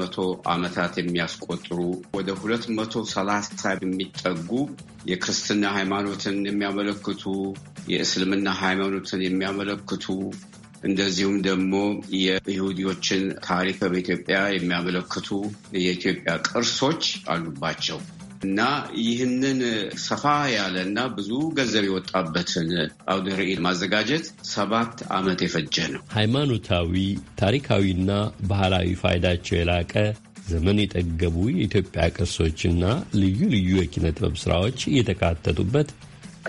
መቶ ዓመታት የሚያስቆጥሩ ወደ 230 የሚጠጉ የክርስትና ሃይማኖትን የሚያመለክቱ የእስልምና ሃይማኖትን የሚያመለክቱ እንደዚሁም ደግሞ የይሁዲዎችን ታሪክ በኢትዮጵያ የሚያመለክቱ የኢትዮጵያ ቅርሶች አሉባቸው። እና ይህንን ሰፋ ያለ እና ብዙ ገንዘብ የወጣበትን አውደ ርዕይ ማዘጋጀት ሰባት ዓመት የፈጀ ነው። ሃይማኖታዊ ታሪካዊና ባህላዊ ፋይዳቸው የላቀ ዘመን የጠገቡ የኢትዮጵያ ቅርሶችና ልዩ ልዩ የኪነ ጥበብ ስራዎች እየተካተቱበት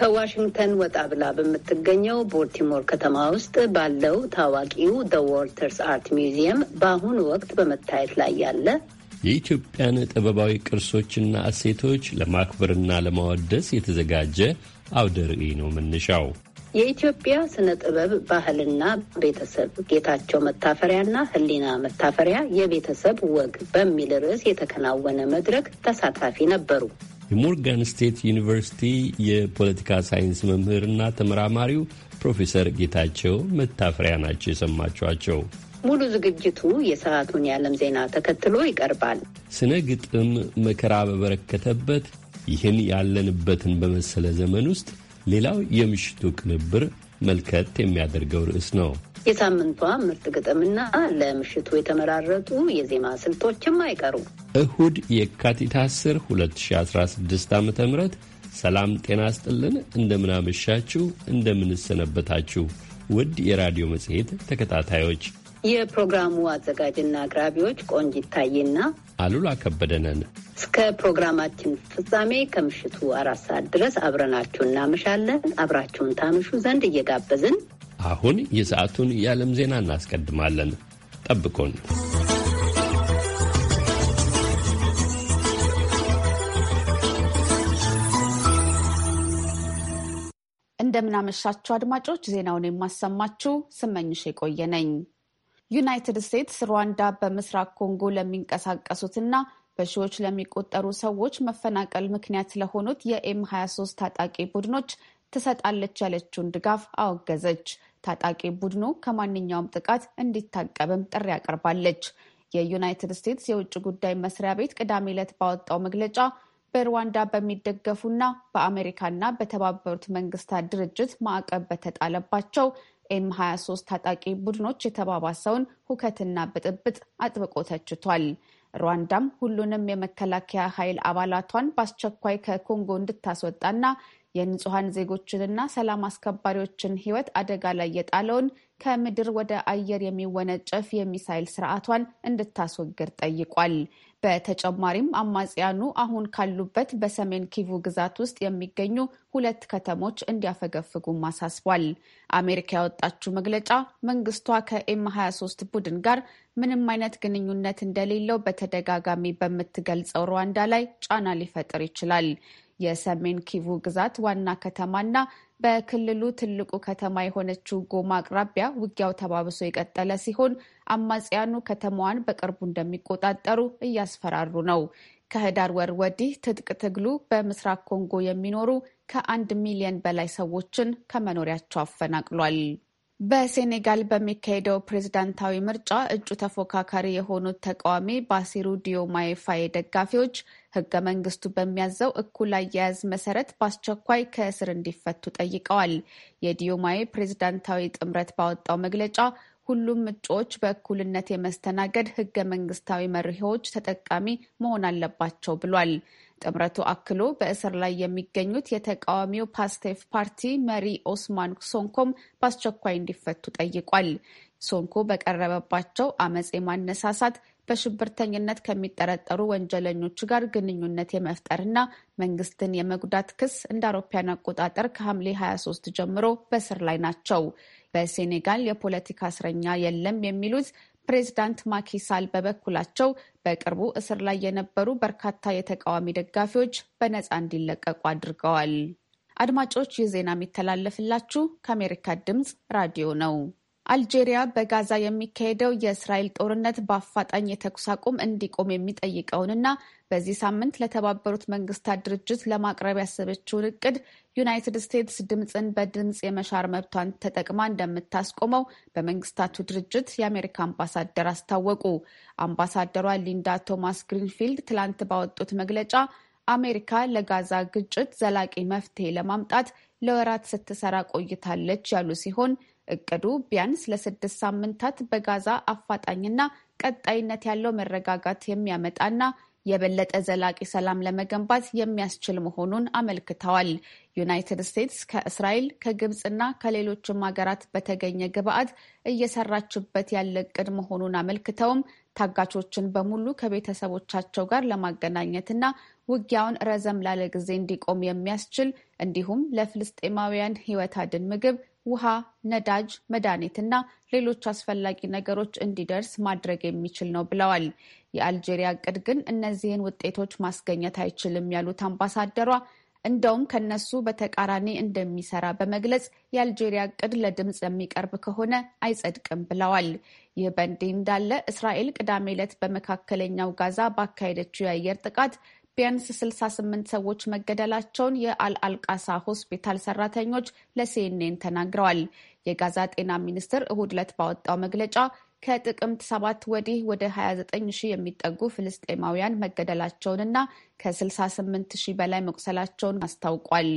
ከዋሽንግተን ወጣ ብላ በምትገኘው ቦልቲሞር ከተማ ውስጥ ባለው ታዋቂው ደ ዎልተርስ አርት ሚውዚየም በአሁኑ ወቅት በመታየት ላይ ያለ የኢትዮጵያን ጥበባዊ ቅርሶችና እሴቶች ለማክበርና ለማወደስ የተዘጋጀ አውደ ርዕይ ነው መነሻው። የኢትዮጵያ ስነ ጥበብ ባህልና ቤተሰብ ጌታቸው መታፈሪያና ህሊና መታፈሪያ የቤተሰብ ወግ በሚል ርዕስ የተከናወነ መድረክ ተሳታፊ ነበሩ። የሞርጋን ስቴት ዩኒቨርሲቲ የፖለቲካ ሳይንስ መምህርና ተመራማሪው ፕሮፌሰር ጌታቸው መታፈሪያ ናቸው የሰማችኋቸው። ሙሉ ዝግጅቱ የሰዓቱን የዓለም ዜና ተከትሎ ይቀርባል። ስነ ግጥም መከራ በበረከተበት ይህን ያለንበትን በመሰለ ዘመን ውስጥ ሌላው የምሽቱ ቅንብር መልከት የሚያደርገው ርዕስ ነው። የሳምንቷ ምርጥ ግጥምና ለምሽቱ የተመራረጡ የዜማ ስልቶችም አይቀሩም። እሁድ የካቲት 10 2016 ዓ ም ሰላም ጤና ስጥልን። እንደምናመሻችሁ፣ እንደምንሰነበታችሁ ውድ የራዲዮ መጽሔት ተከታታዮች የፕሮግራሙ አዘጋጅና አቅራቢዎች ቆንጅ ይታይና አሉላ ከበደነን እስከ ፕሮግራማችን ፍጻሜ ከምሽቱ አራት ሰዓት ድረስ አብረናችሁ እናመሻለን። አብራችሁን ታምሹ ዘንድ እየጋበዝን አሁን የሰዓቱን የዓለም ዜና እናስቀድማለን። ጠብቆን እንደምናመሻችሁ አድማጮች፣ ዜናውን የማሰማችሁ ስመኝሽ የቆየ ነኝ። ዩናይትድ ስቴትስ ሩዋንዳ በምስራቅ ኮንጎ ለሚንቀሳቀሱትና በሺዎች ለሚቆጠሩ ሰዎች መፈናቀል ምክንያት ለሆኑት የኤም 23 ታጣቂ ቡድኖች ትሰጣለች ያለችውን ድጋፍ አወገዘች። ታጣቂ ቡድኑ ከማንኛውም ጥቃት እንዲታቀብም ጥሪ አቅርባለች። የዩናይትድ ስቴትስ የውጭ ጉዳይ መስሪያ ቤት ቅዳሜ ዕለት ባወጣው መግለጫ በሩዋንዳ በሚደገፉና በአሜሪካና በተባበሩት መንግስታት ድርጅት ማዕቀብ በተጣለባቸው ኤም 23 ታጣቂ ቡድኖች የተባባሰውን ሁከትና ብጥብጥ አጥብቆ ተችቷል። ሩዋንዳም ሁሉንም የመከላከያ ኃይል አባላቷን በአስቸኳይ ከኮንጎ እንድታስወጣና የንጹሐን ዜጎችንና ሰላም አስከባሪዎችን ሕይወት አደጋ ላይ የጣለውን ከምድር ወደ አየር የሚወነጨፍ የሚሳይል ስርዓቷን እንድታስወግድ ጠይቋል። በተጨማሪም አማጽያኑ አሁን ካሉበት በሰሜን ኪቩ ግዛት ውስጥ የሚገኙ ሁለት ከተሞች እንዲያፈገፍጉም አሳስቧል። አሜሪካ ያወጣችው መግለጫ መንግስቷ ከኤም 23 ቡድን ጋር ምንም አይነት ግንኙነት እንደሌለው በተደጋጋሚ በምትገልጸው ሩዋንዳ ላይ ጫና ሊፈጥር ይችላል። የሰሜን ኪቩ ግዛት ዋና ከተማና በክልሉ ትልቁ ከተማ የሆነችው ጎማ አቅራቢያ ውጊያው ተባብሶ የቀጠለ ሲሆን አማጽያኑ ከተማዋን በቅርቡ እንደሚቆጣጠሩ እያስፈራሩ ነው። ከህዳር ወር ወዲህ ትጥቅ ትግሉ በምስራቅ ኮንጎ የሚኖሩ ከአንድ ሚሊዮን በላይ ሰዎችን ከመኖሪያቸው አፈናቅሏል። በሴኔጋል በሚካሄደው ፕሬዝዳንታዊ ምርጫ እጩ ተፎካካሪ የሆኑት ተቃዋሚ ባሲሩ ዲዮማዬ ፋዬ ደጋፊዎች ህገ መንግስቱ በሚያዘው እኩል አያያዝ መሰረት በአስቸኳይ ከእስር እንዲፈቱ ጠይቀዋል። የዲዮማዬ ፕሬዝዳንታዊ ጥምረት ባወጣው መግለጫ ሁሉም እጩዎች በእኩልነት የመስተናገድ ሕገ መንግስታዊ መርሆዎች ተጠቃሚ መሆን አለባቸው ብሏል። ጥምረቱ አክሎ በእስር ላይ የሚገኙት የተቃዋሚው ፓስቴፍ ፓርቲ መሪ ኦስማን ሶንኮም በአስቸኳይ እንዲፈቱ ጠይቋል። ሶንኮ በቀረበባቸው አመፅ የማነሳሳት በሽብርተኝነት ከሚጠረጠሩ ወንጀለኞች ጋር ግንኙነት የመፍጠርና መንግስትን የመጉዳት ክስ እንደ አውሮፓውያን አቆጣጠር ከሐምሌ 23 ጀምሮ በእስር ላይ ናቸው። በሴኔጋል የፖለቲካ እስረኛ የለም የሚሉት ፕሬዚዳንት ማኪሳል በበኩላቸው በቅርቡ እስር ላይ የነበሩ በርካታ የተቃዋሚ ደጋፊዎች በነፃ እንዲለቀቁ አድርገዋል። አድማጮች ይህ ዜና የሚተላለፍላችሁ ከአሜሪካ ድምፅ ራዲዮ ነው። አልጄሪያ በጋዛ የሚካሄደው የእስራኤል ጦርነት በአፋጣኝ የተኩስ አቁም እንዲቆም የሚጠይቀውንና በዚህ ሳምንት ለተባበሩት መንግስታት ድርጅት ለማቅረብ ያሰበችውን እቅድ ዩናይትድ ስቴትስ ድምፅን በድምፅ የመሻር መብቷን ተጠቅማ እንደምታስቆመው በመንግስታቱ ድርጅት የአሜሪካ አምባሳደር አስታወቁ። አምባሳደሯ ሊንዳ ቶማስ ግሪንፊልድ ትላንት ባወጡት መግለጫ አሜሪካ ለጋዛ ግጭት ዘላቂ መፍትሄ ለማምጣት ለወራት ስትሰራ ቆይታለች ያሉ ሲሆን እቅዱ ቢያንስ ለስድስት ሳምንታት በጋዛ አፋጣኝና ቀጣይነት ያለው መረጋጋት የሚያመጣና የበለጠ ዘላቂ ሰላም ለመገንባት የሚያስችል መሆኑን አመልክተዋል። ዩናይትድ ስቴትስ ከእስራኤል ከግብፅና ከሌሎችም ሀገራት በተገኘ ግብዓት እየሰራችበት ያለ እቅድ መሆኑን አመልክተውም ታጋቾችን በሙሉ ከቤተሰቦቻቸው ጋር ለማገናኘትና ውጊያውን ረዘም ላለ ጊዜ እንዲቆም የሚያስችል እንዲሁም ለፍልስጤማውያን ሕይወት አድን ምግብ ውሃ፣ ነዳጅ፣ መድኃኒትና ሌሎች አስፈላጊ ነገሮች እንዲደርስ ማድረግ የሚችል ነው ብለዋል። የአልጄሪያ እቅድ ግን እነዚህን ውጤቶች ማስገኘት አይችልም ያሉት አምባሳደሯ እንደውም ከነሱ በተቃራኒ እንደሚሰራ በመግለጽ የአልጄሪያ እቅድ ለድምፅ የሚቀርብ ከሆነ አይጸድቅም ብለዋል። ይህ በእንዲህ እንዳለ እስራኤል ቅዳሜ ዕለት በመካከለኛው ጋዛ ባካሄደችው የአየር ጥቃት ቢያንስ 68 ሰዎች መገደላቸውን የአልአልቃሳ ሆስፒታል ሰራተኞች ለሲኤንኤን ተናግረዋል። የጋዛ ጤና ሚኒስቴር እሁድ ዕለት ባወጣው መግለጫ ከጥቅምት ሰባት ወዲህ ወደ 29 ሺህ የሚጠጉ ፍልስጤማውያን መገደላቸውንና ከ68 ሺህ በላይ መቁሰላቸውን አስታውቋል።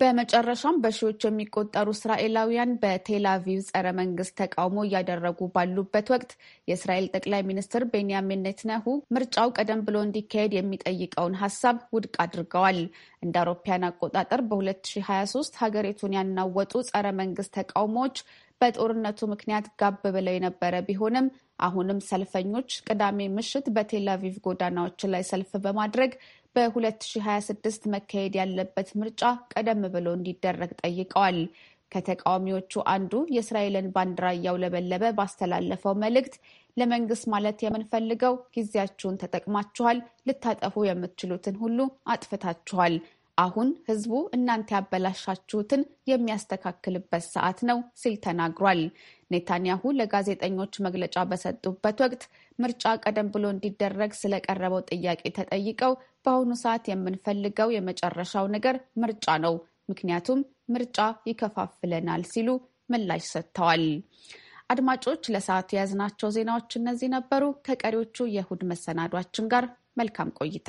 በመጨረሻም በሺዎች የሚቆጠሩ እስራኤላውያን በቴል አቪቭ ጸረ መንግስት ተቃውሞ እያደረጉ ባሉበት ወቅት የእስራኤል ጠቅላይ ሚኒስትር ቤንያሚን ኔትንያሁ ምርጫው ቀደም ብሎ እንዲካሄድ የሚጠይቀውን ሀሳብ ውድቅ አድርገዋል። እንደ አውሮፓያን አቆጣጠር በ2023 ሀገሪቱን ያናወጡ ጸረ መንግስት ተቃውሞዎች በጦርነቱ ምክንያት ጋብ ብለው የነበረ ቢሆንም አሁንም ሰልፈኞች ቅዳሜ ምሽት በቴል አቪቭ ጎዳናዎች ላይ ሰልፍ በማድረግ በ2026 መካሄድ ያለበት ምርጫ ቀደም ብሎ እንዲደረግ ጠይቀዋል። ከተቃዋሚዎቹ አንዱ የእስራኤልን ባንዲራ እያውለበለበ ባስተላለፈው መልእክት ለመንግስት ማለት የምንፈልገው ጊዜያችሁን ተጠቅማችኋል፣ ልታጠፉ የምትችሉትን ሁሉ አጥፍታችኋል። አሁን ህዝቡ እናንተ ያበላሻችሁትን የሚያስተካክልበት ሰዓት ነው ሲል ተናግሯል። ኔታንያሁ ለጋዜጠኞች መግለጫ በሰጡበት ወቅት ምርጫ ቀደም ብሎ እንዲደረግ ስለቀረበው ጥያቄ ተጠይቀው በአሁኑ ሰዓት የምንፈልገው የመጨረሻው ነገር ምርጫ ነው፣ ምክንያቱም ምርጫ ይከፋፍለናል ሲሉ ምላሽ ሰጥተዋል። አድማጮች፣ ለሰዓቱ የያዝናቸው ዜናዎች እነዚህ ነበሩ። ከቀሪዎቹ የእሁድ መሰናዷችን ጋር መልካም ቆይታ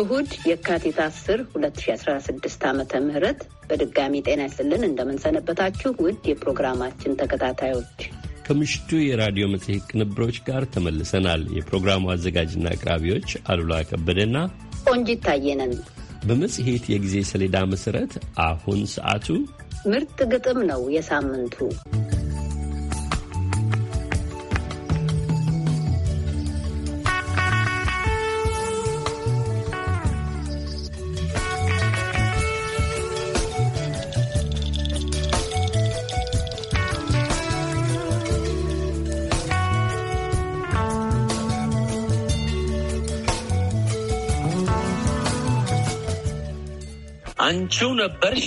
እሁድ የካቲት 10 2016 ዓ ም በድጋሚ ጤና ይስጥልን እንደምንሰነበታችሁ ውድ የፕሮግራማችን ተከታታዮች ከምሽቱ የራዲዮ መጽሔት ቅንብሮች ጋር ተመልሰናል። የፕሮግራሙ አዘጋጅና አቅራቢዎች አሉላ ከበደና ቆንጂት ታየነን። በመጽሔት የጊዜ ሰሌዳ መሠረት አሁን ሰዓቱ ምርጥ ግጥም ነው የሳምንቱ አንቺው ነበርሽ?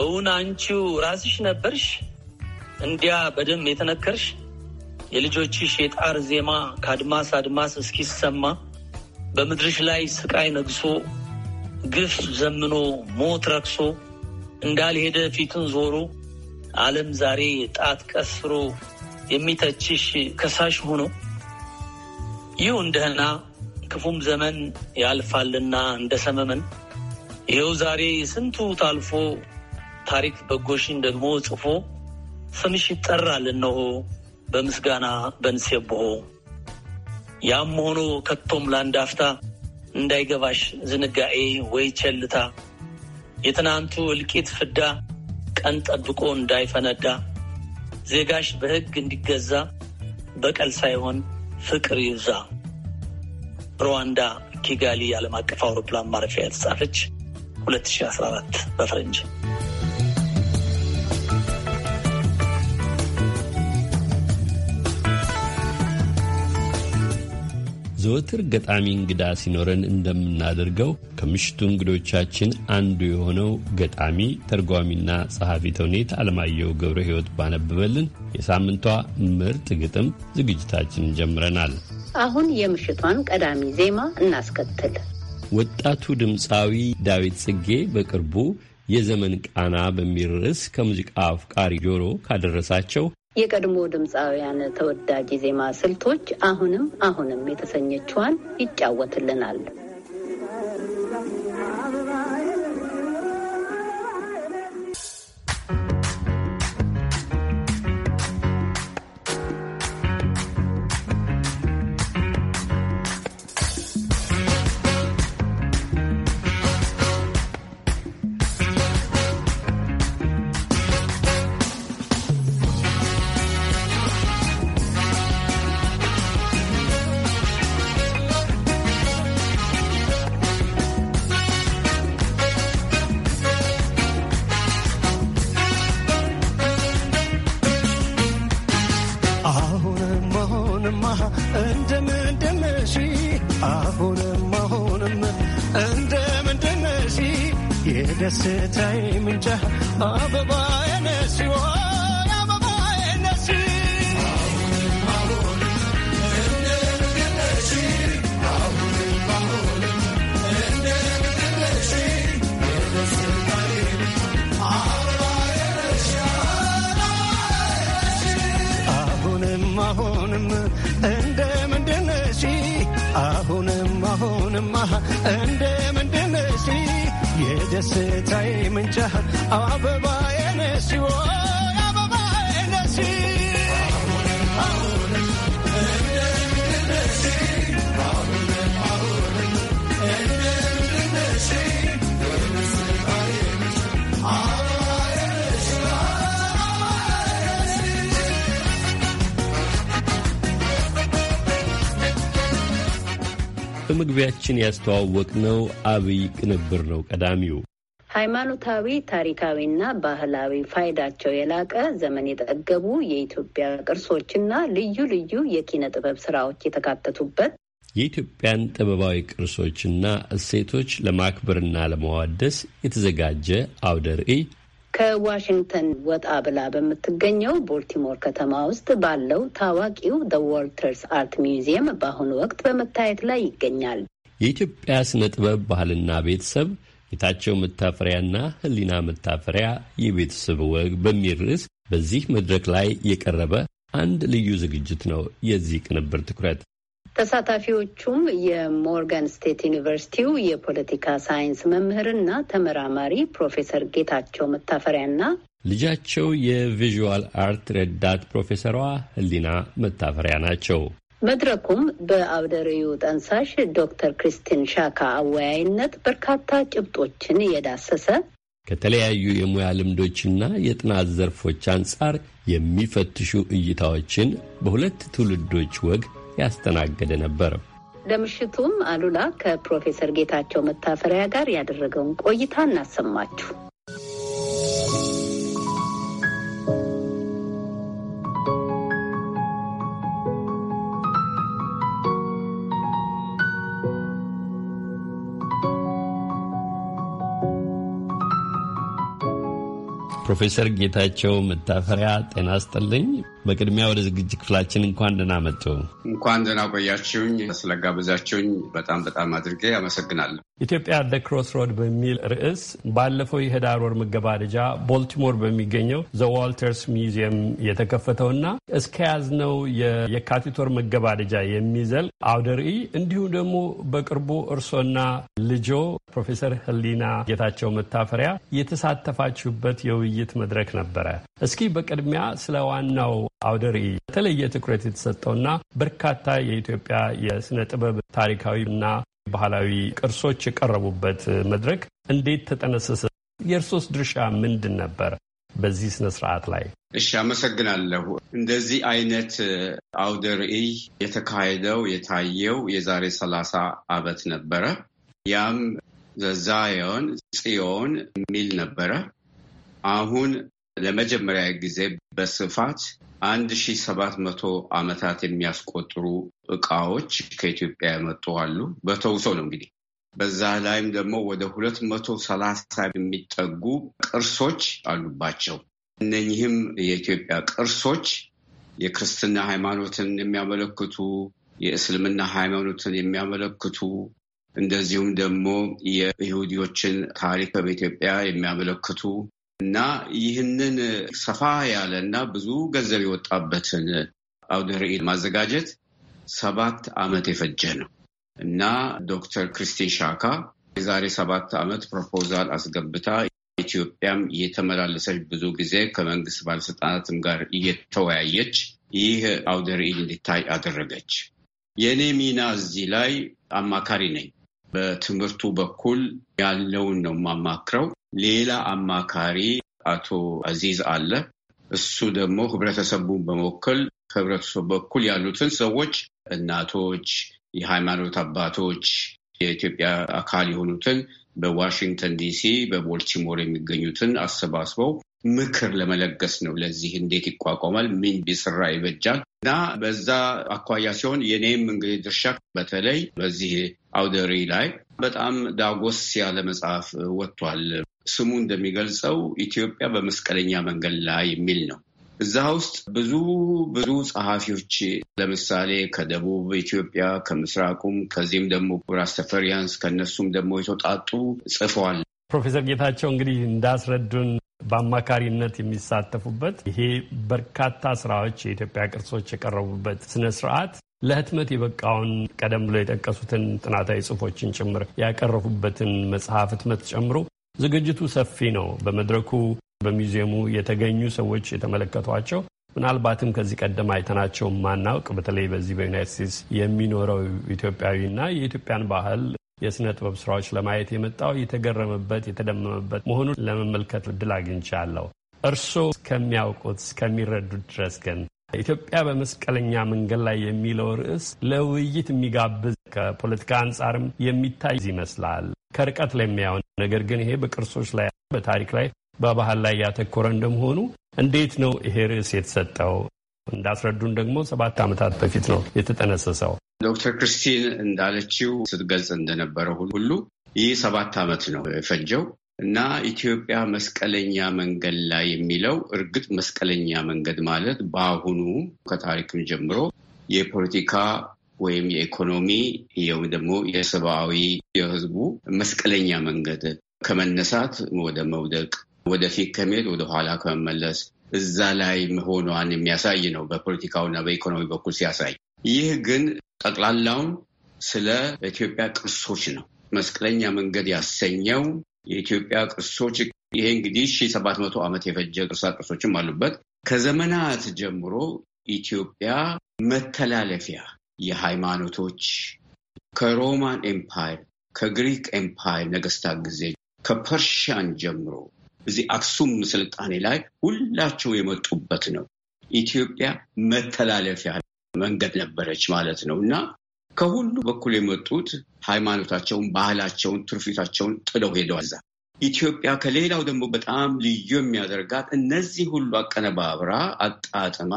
እውን አንቺው ራስሽ ነበርሽ? እንዲያ በደም የተነከርሽ የልጆችሽ የጣር ዜማ ከአድማስ አድማስ እስኪሰማ በምድርሽ ላይ ስቃይ ነግሶ ግፍ ዘምኖ ሞት ረክሶ እንዳልሄደ ፊቱን ዞሮ ዓለም ዛሬ ጣት ቀስሮ የሚተችሽ ከሳሽ ሆኖ ይሁ እንደህና ክፉም ዘመን ያልፋልና እንደ ሰመመን ይኸው ዛሬ ስንቱ ታልፎ ታሪክ በጎሽን ደግሞ ጽፎ ስምሽ ይጠራል እነሆ በምስጋና በንሴብሖ ያም ሆኖ ከቶም ላንዳፍታ እንዳይገባሽ ዝንጋኤ ወይ ቸልታ የትናንቱ እልቂት ፍዳ ቀን ጠብቆ እንዳይፈነዳ ዜጋሽ በሕግ እንዲገዛ በቀል ሳይሆን ፍቅር ይብዛ። ሩዋንዳ ኪጋሊ ዓለም አቀፍ አውሮፕላን ማረፊያ የተጻፈች 2014 በፈረንጅ ዘወትር ገጣሚ እንግዳ ሲኖረን እንደምናደርገው ከምሽቱ እንግዶቻችን አንዱ የሆነው ገጣሚ ተርጓሚና ጸሐፊ ተውኔት አለማየሁ ገብረ ሕይወት ባነበበልን የሳምንቷ ምርጥ ግጥም ዝግጅታችንን ጀምረናል። አሁን የምሽቷን ቀዳሚ ዜማ እናስከትል። ወጣቱ ድምፃዊ ዳዊት ጽጌ በቅርቡ የዘመን ቃና በሚል ርዕስ ከሙዚቃ አፍቃሪ ጆሮ ካደረሳቸው የቀድሞ ድምፃውያን ተወዳጅ ዜማ ስልቶች አሁንም አሁንም የተሰኘችዋን ይጫወትልናል። ያስተዋወቅ ነው አብይ ቅንብር ነው ቀዳሚው። ሃይማኖታዊ ታሪካዊና ባህላዊ ፋይዳቸው የላቀ ዘመን የጠገቡ የኢትዮጵያ ቅርሶችና ልዩ ልዩ የኪነ ጥበብ ስራዎች የተካተቱበት የኢትዮጵያን ጥበባዊ ቅርሶችና እሴቶች ለማክበርና ለመዋደስ የተዘጋጀ አውደ ርዕይ ከዋሽንግተን ወጣ ብላ በምትገኘው ቦልቲሞር ከተማ ውስጥ ባለው ታዋቂው ደ ዋልተርስ አርት ሚውዚየም በአሁኑ ወቅት በመታየት ላይ ይገኛል። የኢትዮጵያ ስነ ጥበብ ባህልና ቤተሰብ ጌታቸው መታፈሪያና ህሊና መታፈሪያ የቤተሰብ ወግ በሚል ርዕስ በዚህ መድረክ ላይ የቀረበ አንድ ልዩ ዝግጅት ነው የዚህ ቅንብር ትኩረት። ተሳታፊዎቹም የሞርጋን ስቴት ዩኒቨርሲቲው የፖለቲካ ሳይንስ መምህርና ተመራማሪ ፕሮፌሰር ጌታቸው መታፈሪያና ልጃቸው የቪዥዋል አርት ረዳት ፕሮፌሰሯ ህሊና መታፈሪያ ናቸው። መድረኩም በአብደሪዩ ጠንሳሽ ዶክተር ክሪስቲን ሻካ አወያይነት በርካታ ጭብጦችን የዳሰሰ ከተለያዩ የሙያ ልምዶችና የጥናት ዘርፎች አንጻር የሚፈትሹ እይታዎችን በሁለት ትውልዶች ወግ ያስተናገደ ነበር። ለምሽቱም አሉላ ከፕሮፌሰር ጌታቸው መታፈሪያ ጋር ያደረገውን ቆይታ እናሰማችሁ። ፕሮፌሰር ጌታቸው መታፈሪያ ጤና ስጥልኝ። በቅድሚያ ወደ ዝግጅት ክፍላችን እንኳን ደህና መጡ። እንኳን ደህና ቆያችሁኝ። ስለጋበዛችሁኝ በጣም በጣም አድርጌ አመሰግናለሁ። ኢትዮጵያ ደ ክሮስ ሮድ በሚል ርዕስ ባለፈው የህዳር ወር መገባደጃ ቦልቲሞር በሚገኘው ዘ ዋልተርስ ሚውዚየም የተከፈተውና እስከ ያዝነው የካቲት ወር መገባደጃ የሚዘልቅ አውደ ርዕይ እንዲሁም ደግሞ በቅርቡ እርሶና ልጆ ፕሮፌሰር ህሊና ጌታቸው መታፈሪያ የተሳተፋችሁበት የውይይት መድረክ ነበረ። እስኪ በቅድሚያ ስለ ዋናው አውደ ርዕይ የተለየ ትኩረት የተሰጠውና በርካታ የኢትዮጵያ የስነ ጥበብ ታሪካዊና ባህላዊ ቅርሶች የቀረቡበት መድረክ እንዴት ተጠነሰሰ? የእርሶስ ድርሻ ምንድን ነበር በዚህ ስነ ስርዓት ላይ? እሺ፣ አመሰግናለሁ። እንደዚህ አይነት አውደ ርዕይ የተካሄደው የታየው የዛሬ ሰላሳ አመት ነበረ። ያም ዘዛዮን ጽዮን የሚል ነበረ። አሁን ለመጀመሪያ ጊዜ በስፋት አንድ ሺ ሰባት መቶ ዓመታት የሚያስቆጥሩ እቃዎች ከኢትዮጵያ የመጡ አሉ። በተውሶ ነው እንግዲህ በዛ ላይም ደግሞ ወደ ሁለት መቶ ሰላሳ የሚጠጉ ቅርሶች አሉባቸው። እነኚህም የኢትዮጵያ ቅርሶች የክርስትና ሃይማኖትን የሚያመለክቱ፣ የእስልምና ሃይማኖትን የሚያመለክቱ እንደዚሁም ደግሞ የይሁዲዎችን ታሪክ በኢትዮጵያ የሚያመለክቱ እና ይህንን ሰፋ ያለ እና ብዙ ገንዘብ የወጣበትን አውደ ርዕይ ማዘጋጀት ሰባት ዓመት የፈጀ ነው እና ዶክተር ክርስቲን ሻካ የዛሬ ሰባት ዓመት ፕሮፖዛል አስገብታ ኢትዮጵያም እየተመላለሰች ብዙ ጊዜ ከመንግስት ባለስልጣናትም ጋር እየተወያየች ይህ አውደ ርዕይ እንዲታይ አደረገች። የእኔ ሚና እዚህ ላይ አማካሪ ነኝ። በትምህርቱ በኩል ያለውን ነው የማማክረው። ሌላ አማካሪ አቶ አዚዝ አለ። እሱ ደግሞ ህብረተሰቡን በመወከል ከህብረተሰቡ በኩል ያሉትን ሰዎች እናቶች፣ የሃይማኖት አባቶች፣ የኢትዮጵያ አካል የሆኑትን በዋሽንግተን ዲሲ፣ በቦልቲሞር የሚገኙትን አሰባስበው ምክር ለመለገስ ነው። ለዚህ እንዴት ይቋቋማል? ምን ቢስራ ይበጃል? እና በዛ አኳያ ሲሆን የኔም እንግዲህ ድርሻ በተለይ በዚህ አውደሪ ላይ በጣም ዳጎስ ያለ መጽሐፍ ወጥቷል። ስሙ እንደሚገልጸው ኢትዮጵያ በመስቀለኛ መንገድ ላይ የሚል ነው። እዛ ውስጥ ብዙ ብዙ ጸሐፊዎች ለምሳሌ ከደቡብ ኢትዮጵያ ከምስራቁም ከዚህም ደግሞ ራስተፈሪያንስ ከነሱም ደግሞ የተውጣጡ ጽፈዋል። ፕሮፌሰር ጌታቸው እንግዲህ እንዳስረዱን በአማካሪነት የሚሳተፉበት ይሄ በርካታ ስራዎች የኢትዮጵያ ቅርሶች የቀረቡበት ስነ ስርዓት ለህትመት የበቃውን ቀደም ብሎ የጠቀሱትን ጥናታዊ ጽሁፎችን ጭምር ያቀረፉበትን መጽሐፍ ህትመት ጨምሮ ዝግጅቱ ሰፊ ነው። በመድረኩ በሚዚየሙ የተገኙ ሰዎች የተመለከቷቸው ምናልባትም ከዚህ ቀደም አይተናቸው ማናውቅ በተለይ በዚህ በዩናይት ስቴትስ የሚኖረው ኢትዮጵያዊና የኢትዮጵያን ባህል የስነ ጥበብ ስራዎች ለማየት የመጣው የተገረመበት የተደመመበት መሆኑን ለመመልከት እድል አግኝቻለሁ። እርስዎ እስከሚያውቁት እስከሚረዱት ድረስ ግን ኢትዮጵያ በመስቀለኛ መንገድ ላይ የሚለው ርዕስ ለውይይት የሚጋብዝ ከፖለቲካ አንጻርም የሚታይ ይመስላል ከርቀት ለሚያውን ነገር ግን ይሄ በቅርሶች ላይ በታሪክ ላይ በባህል ላይ ያተኮረ እንደመሆኑ እንዴት ነው ይሄ ርዕስ የተሰጠው? እንዳስረዱን ደግሞ ሰባት ዓመታት በፊት ነው የተጠነሰሰው። ዶክተር ክርስቲን እንዳለችው ስትገልጽ እንደነበረው ሁሉ ይህ ሰባት ዓመት ነው የፈጀው። እና ኢትዮጵያ መስቀለኛ መንገድ ላይ የሚለው እርግጥ መስቀለኛ መንገድ ማለት በአሁኑ ከታሪክም ጀምሮ የፖለቲካ ወይም የኢኮኖሚ ወይም ደግሞ የሰብአዊ የህዝቡ መስቀለኛ መንገድ ከመነሳት ወደ መውደቅ፣ ወደፊት ከመሄድ ወደኋላ ከመመለስ እዛ ላይ መሆኗን የሚያሳይ ነው በፖለቲካውና በኢኮኖሚ በኩል ሲያሳይ። ይህ ግን ጠቅላላውን ስለ ኢትዮጵያ ቅርሶች ነው። መስቀለኛ መንገድ ያሰኘው የኢትዮጵያ ቅርሶች ይሄ እንግዲህ ሺ ሰባት መቶ ዓመት የፈጀ ቅርሳ ቅርሶችም አሉበት። ከዘመናት ጀምሮ ኢትዮጵያ መተላለፊያ የሃይማኖቶች ከሮማን ኤምፓየር፣ ከግሪክ ኤምፓየር ነገስታት ጊዜ፣ ከፐርሽያን ጀምሮ እዚህ አክሱም ስልጣኔ ላይ ሁላቸው የመጡበት ነው። ኢትዮጵያ መተላለፊያ መንገድ ነበረች ማለት ነው እና ከሁሉ በኩል የመጡት ሃይማኖታቸውን፣ ባህላቸውን፣ ትርፊታቸውን ጥለው ሄደዋል። እዛ ኢትዮጵያ ከሌላው ደግሞ በጣም ልዩ የሚያደርጋት እነዚህ ሁሉ አቀነባብራ አጣጥማ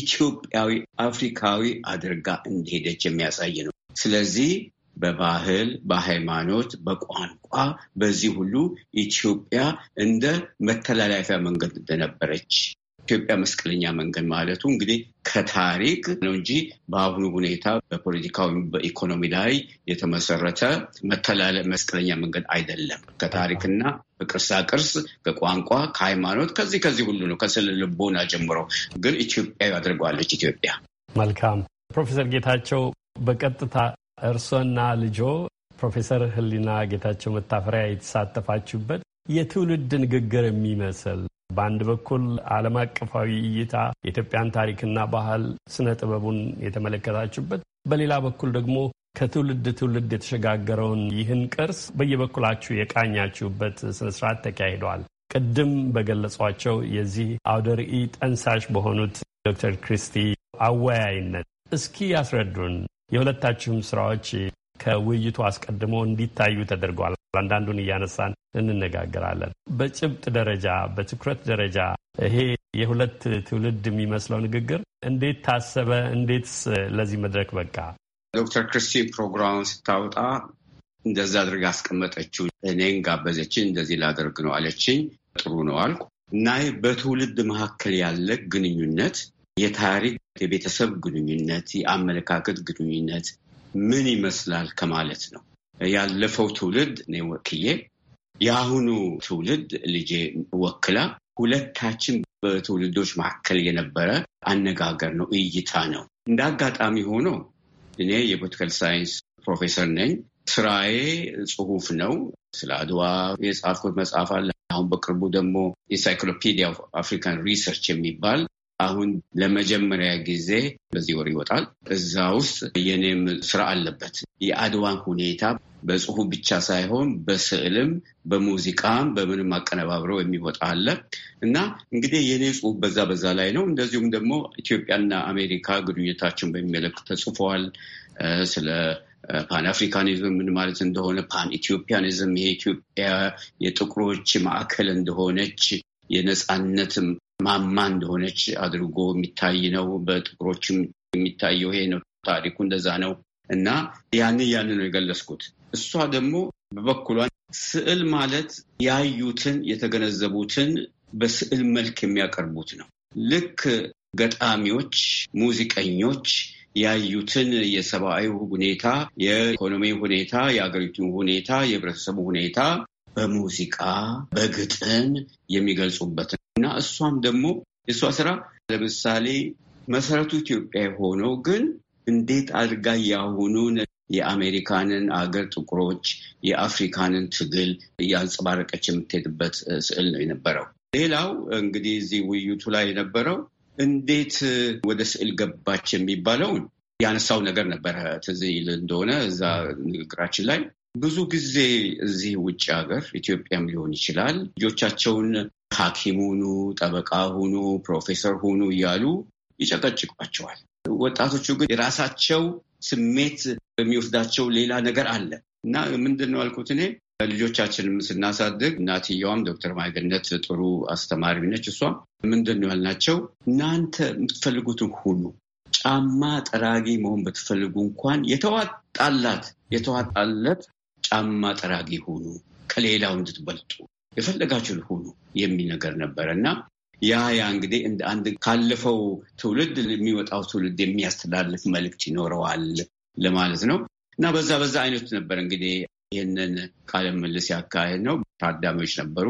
ኢትዮጵያዊ አፍሪካዊ አድርጋ እንደሄደች የሚያሳይ ነው። ስለዚህ በባህል፣ በሃይማኖት፣ በቋንቋ በዚህ ሁሉ ኢትዮጵያ እንደ መተላለፊያ መንገድ እንደነበረች ኢትዮጵያ መስቀለኛ መንገድ ማለቱ እንግዲህ ከታሪክ ነው እንጂ በአሁኑ ሁኔታ ወይም በኢኮኖሚ ላይ የተመሰረተ መተላለፍ መስቀለኛ መንገድ አይደለም። ከታሪክና ከቅርሳ ቅርስ፣ ከቋንቋ፣ ከሃይማኖት፣ ከዚህ ከዚህ ሁሉ ነው ከስነ ልቦና ጀምሮ ግን ኢትዮጵያ አድርገዋለች። ኢትዮጵያ መልካም። ፕሮፌሰር ጌታቸው በቀጥታ እርሶና ልጆ ፕሮፌሰር ህሊና ጌታቸው መታፈሪያ የተሳተፋችሁበት የትውልድ ንግግር የሚመስል በአንድ በኩል ዓለም አቀፋዊ እይታ የኢትዮጵያን ታሪክና ባህል ስነ ጥበቡን የተመለከታችሁበት፣ በሌላ በኩል ደግሞ ከትውልድ ትውልድ የተሸጋገረውን ይህን ቅርስ በየበኩላችሁ የቃኛችሁበት ስነስርዓት ተካሂደዋል። ቅድም በገለጿቸው የዚህ አውደ ርዕይ ጠንሳሽ በሆኑት ዶክተር ክሪስቲ አወያይነት እስኪ ያስረዱን። የሁለታችሁም ስራዎች ከውይይቱ አስቀድሞ እንዲታዩ ተደርጓል። አንዳንዱን እያነሳን እንነጋገራለን። በጭብጥ ደረጃ በትኩረት ደረጃ ይሄ የሁለት ትውልድ የሚመስለው ንግግር እንዴት ታሰበ? እንዴትስ ለዚህ መድረክ በቃ? ዶክተር ክርስቲ ፕሮግራሙን ስታወጣ እንደዛ አድርግ አስቀመጠችው። እኔን ጋበዘችኝ። እንደዚህ ላደርግ ነው አለችኝ። ጥሩ ነው አልኩ እና በትውልድ መካከል ያለ ግንኙነት የታሪክ የቤተሰብ ግንኙነት፣ የአመለካከት ግንኙነት ምን ይመስላል ከማለት ነው ያለፈው ትውልድ እኔ ወክዬ የአሁኑ ትውልድ ልጄ ወክላ ሁለታችን በትውልዶች መካከል የነበረ አነጋገር ነው፣ እይታ ነው። እንደ አጋጣሚ ሆኖ እኔ የፖለቲካል ሳይንስ ፕሮፌሰር ነኝ። ስራዬ ጽሁፍ ነው። ስለ አድዋ የጻፍኩት መጽሐፍ አለ። አሁን በቅርቡ ደግሞ ኢንሳይክሎፒዲያ ኦፍ አፍሪካን ሪሰርች የሚባል አሁን ለመጀመሪያ ጊዜ በዚህ ወር ይወጣል። እዛ ውስጥ የኔም ስራ አለበት። የአድዋን ሁኔታ በጽሁፍ ብቻ ሳይሆን በስዕልም በሙዚቃም በምንም አቀነባብረው የሚወጣ አለ እና እንግዲህ የኔ ጽሁፍ በዛ በዛ ላይ ነው። እንደዚሁም ደግሞ ኢትዮጵያና አሜሪካ ግንኙነታችን በሚመለክት ተጽፏል። ስለ ፓን አፍሪካኒዝም ምን ማለት እንደሆነ፣ ፓን ኢትዮጵያኒዝም የኢትዮጵያ የጥቁሮች ማዕከል እንደሆነች የነፃነትም ማማ እንደሆነች አድርጎ የሚታይ ነው። በጥቁሮችም የሚታየው ይሄ ነው። ታሪኩ እንደዛ ነው እና ያንን ያንን ነው የገለጽኩት። እሷ ደግሞ በበኩሏ ስዕል ማለት ያዩትን የተገነዘቡትን በስዕል መልክ የሚያቀርቡት ነው። ልክ ገጣሚዎች፣ ሙዚቀኞች ያዩትን የሰብአዊ ሁኔታ፣ የኢኮኖሚ ሁኔታ፣ የአገሪቱ ሁኔታ፣ የህብረተሰቡ ሁኔታ በሙዚቃ በግጥም የሚገልጹበት እና እሷም ደግሞ የእሷ ስራ ለምሳሌ መሰረቱ ኢትዮጵያ የሆነው ግን እንዴት አድርጋ ያሁኑን የአሜሪካንን አገር ጥቁሮች የአፍሪካንን ትግል እያንጸባረቀች የምትሄድበት ስዕል ነው የነበረው። ሌላው እንግዲህ እዚህ ውይይቱ ላይ የነበረው እንዴት ወደ ስዕል ገባች የሚባለውን ያነሳው ነገር ነበረ። ትዝ ይል እንደሆነ እዛ ንግግራችን ላይ ብዙ ጊዜ እዚህ ውጭ ሀገር ኢትዮጵያም ሊሆን ይችላል ልጆቻቸውን ሐኪም ሁኑ፣ ጠበቃ ሁኑ፣ ፕሮፌሰር ሁኑ እያሉ ይጨቀጭቋቸዋል። ወጣቶቹ ግን የራሳቸው ስሜት የሚወስዳቸው ሌላ ነገር አለ እና ምንድን ነው ያልኩት እኔ ልጆቻችንም ስናሳድግ እናትየዋም ዶክተር ማይገነት ጥሩ አስተማሪ ነች። እሷም ምንድን ነው ያልናቸው እናንተ የምትፈልጉትን ሁሉ ጫማ ጠራጊ መሆን ብትፈልጉ እንኳን የተዋጣላት የተዋጣለት ጫማ ጠራጊ ሁኑ፣ ከሌላው እንድትበልጡ የፈለጋችሁን ሁኑ የሚል ነገር ነበረ እና ያ ያ እንግዲህ እንደ አንድ ካለፈው ትውልድ የሚወጣው ትውልድ የሚያስተላልፍ መልእክት ይኖረዋል ለማለት ነው እና በዛ በዛ አይነት ነበር እንግዲህ ይህንን ቃለ ምልልስ ያካሄድ ነው። ታዳሚዎች ነበሩ፣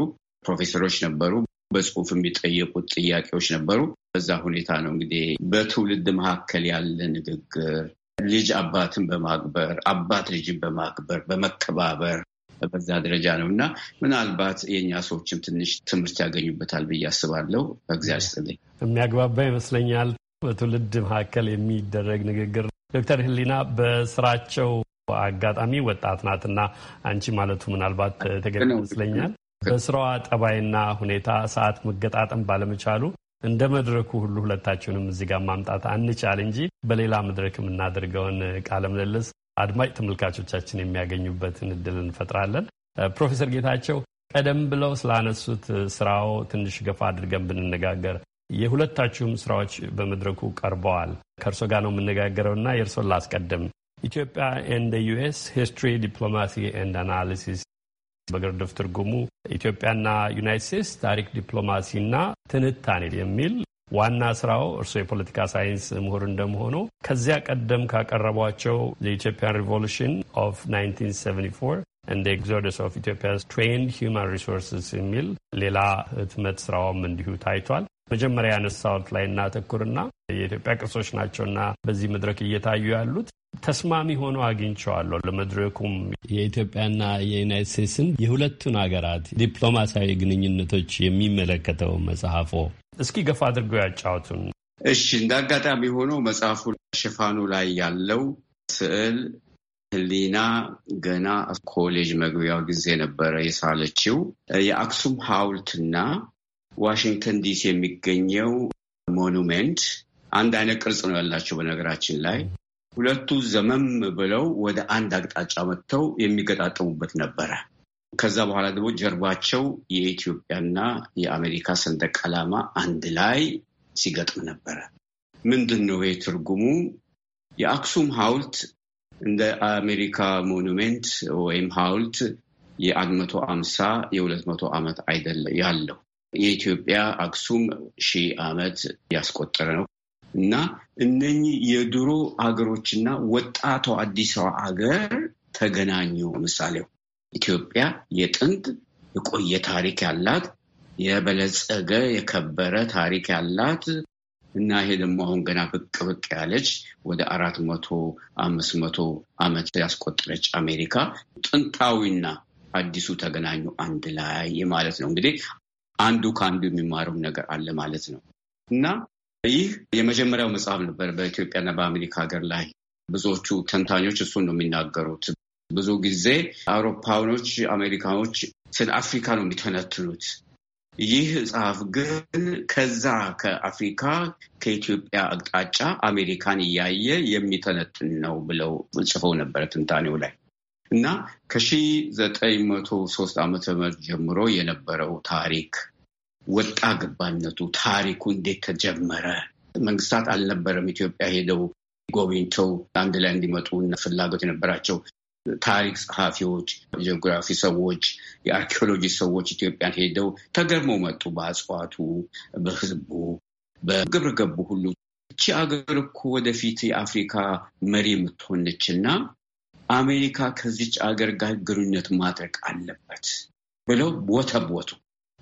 ፕሮፌሰሮች ነበሩ፣ በጽሁፍ የሚጠየቁት ጥያቄዎች ነበሩ። በዛ ሁኔታ ነው እንግዲህ በትውልድ መካከል ያለ ንግግር ልጅ አባትን በማክበር አባት ልጅን በማክበር በመከባበር በዛ ደረጃ ነው እና ምናልባት የእኛ ሰዎችም ትንሽ ትምህርት ያገኙበታል ብዬ አስባለሁ። በእግዚአብሔር ይስጥልኝ። የሚያግባባ ይመስለኛል። በትውልድ መካከል የሚደረግ ንግግር ዶክተር ህሊና በስራቸው አጋጣሚ ወጣት ናትና አንቺ ማለቱ ምናልባት ተገቢ ይመስለኛል። በስራዋ ጠባይና ሁኔታ ሰዓት መገጣጠም ባለመቻሉ እንደ መድረኩ ሁሉ ሁለታችሁንም እዚህ ጋር ማምጣት አንቻል እንጂ በሌላ መድረክ የምናደርገውን ቃለ ምልልስ አድማጭ ተመልካቾቻችን የሚያገኙበትን እድል እንፈጥራለን። ፕሮፌሰር ጌታቸው ቀደም ብለው ስላነሱት ስራው ትንሽ ገፋ አድርገን ብንነጋገር የሁለታችሁም ስራዎች በመድረኩ ቀርበዋል። ከእርሶ ጋር ነው የምነጋገረውና የእርሶን ላስቀድም። ኢትዮጵያ ኤንድ ዩኤስ ሂስትሪ ዲፕሎማሲ ኤንድ አናሊሲስ በግርድፍ ትርጉሙ ኢትዮጵያና ዩናይት ስቴትስ ታሪክ፣ ዲፕሎማሲ ዲፕሎማሲና ትንታኔ የሚል ዋና ስራው እርስዎ የፖለቲካ ሳይንስ ምሁር እንደመሆኑ ከዚያ ቀደም ካቀረቧቸው የኢትዮጵያን ሪቮሉሽን ኦፍ 1974 እንደ ኤግዞደስ ኦፍ ኢትዮጵያስ ትሬንድ ሂውማን ሪሶርስስ የሚል ሌላ ህትመት ስራውም እንዲሁ ታይቷል። መጀመሪያ ያነሳሁት ላይ እናተኩርና የኢትዮጵያ ቅርሶች ናቸውና በዚህ መድረክ እየታዩ ያሉት ተስማሚ ሆኖ አግኝቸዋለሁ። ለመድረኩም የኢትዮጵያና የዩናይት ስቴትስን የሁለቱን ሀገራት ዲፕሎማሲያዊ ግንኙነቶች የሚመለከተው መጽሐፎ እስኪ ገፋ አድርገው ያጫወቱን። እሺ፣ እንደ አጋጣሚ ሆኖ መጽሐፉ ሽፋኑ ላይ ያለው ስዕል ህሊና ገና ኮሌጅ መግቢያው ጊዜ ነበረ የሳለችው የአክሱም ሐውልትና ዋሽንግተን ዲሲ የሚገኘው ሞኑሜንት አንድ አይነት ቅርጽ ነው ያላቸው። በነገራችን ላይ ሁለቱ ዘመም ብለው ወደ አንድ አቅጣጫ መጥተው የሚገጣጠሙበት ነበረ። ከዛ በኋላ ደግሞ ጀርባቸው የኢትዮጵያና የአሜሪካ ሰንደቅ ዓላማ አንድ ላይ ሲገጥም ነበረ። ምንድን ነው ይህ ትርጉሙ? የአክሱም ሐውልት እንደ አሜሪካ ሞኑሜንት ወይም ሐውልት የአንድ መቶ አምሳ የሁለት መቶ ዓመት አይደለም ያለው የኢትዮጵያ አክሱም ሺህ ዓመት ያስቆጠረ ነው እና እነኚህ የድሮ አገሮችና ወጣቷ አዲሷ አገር ተገናኙ። ምሳሌው ኢትዮጵያ የጥንት የቆየ ታሪክ ያላት የበለጸገ የከበረ ታሪክ ያላት እና ይሄ ደግሞ አሁን ገና ብቅ ብቅ ያለች ወደ አራት መቶ አምስት መቶ ዓመት ያስቆጠረች አሜሪካ ጥንታዊና አዲሱ ተገናኙ አንድ ላይ ማለት ነው። እንግዲህ አንዱ ከአንዱ የሚማረው ነገር አለ ማለት ነው እና ይህ የመጀመሪያው መጽሐፍ ነበር በኢትዮጵያና በአሜሪካ ሀገር ላይ ብዙዎቹ ተንታኞች እሱን ነው የሚናገሩት። ብዙ ጊዜ አውሮፓኖች፣ አሜሪካኖች ስለ አፍሪካ ነው የሚተነትኑት። ይህ መጽሐፍ ግን ከዛ ከአፍሪካ ከኢትዮጵያ አቅጣጫ አሜሪካን እያየ የሚተነትን ነው ብለው ጽፈው ነበር ትንታኔው ላይ እና ከ1903 መቶ ሶስት ዓመተ ምህረት ጀምሮ የነበረው ታሪክ ወጣ ገባነቱ ታሪኩ እንዴት ተጀመረ? መንግስታት አልነበረም ኢትዮጵያ ሄደው ጎብኝተው አንድ ላይ እንዲመጡ ፍላጎት የነበራቸው ታሪክ ጸሐፊዎች፣ ጂኦግራፊ ሰዎች፣ የአርኪኦሎጂ ሰዎች ኢትዮጵያን ሄደው ተገርመው መጡ። በእጽዋቱ፣ በህዝቡ፣ በግብረ ገቡ ሁሉ እቺ አገር እኮ ወደፊት የአፍሪካ መሪ የምትሆነች እና አሜሪካ ከዚች አገር ጋር ግንኙነት ማድረግ አለበት ብለው ቦተቦቱ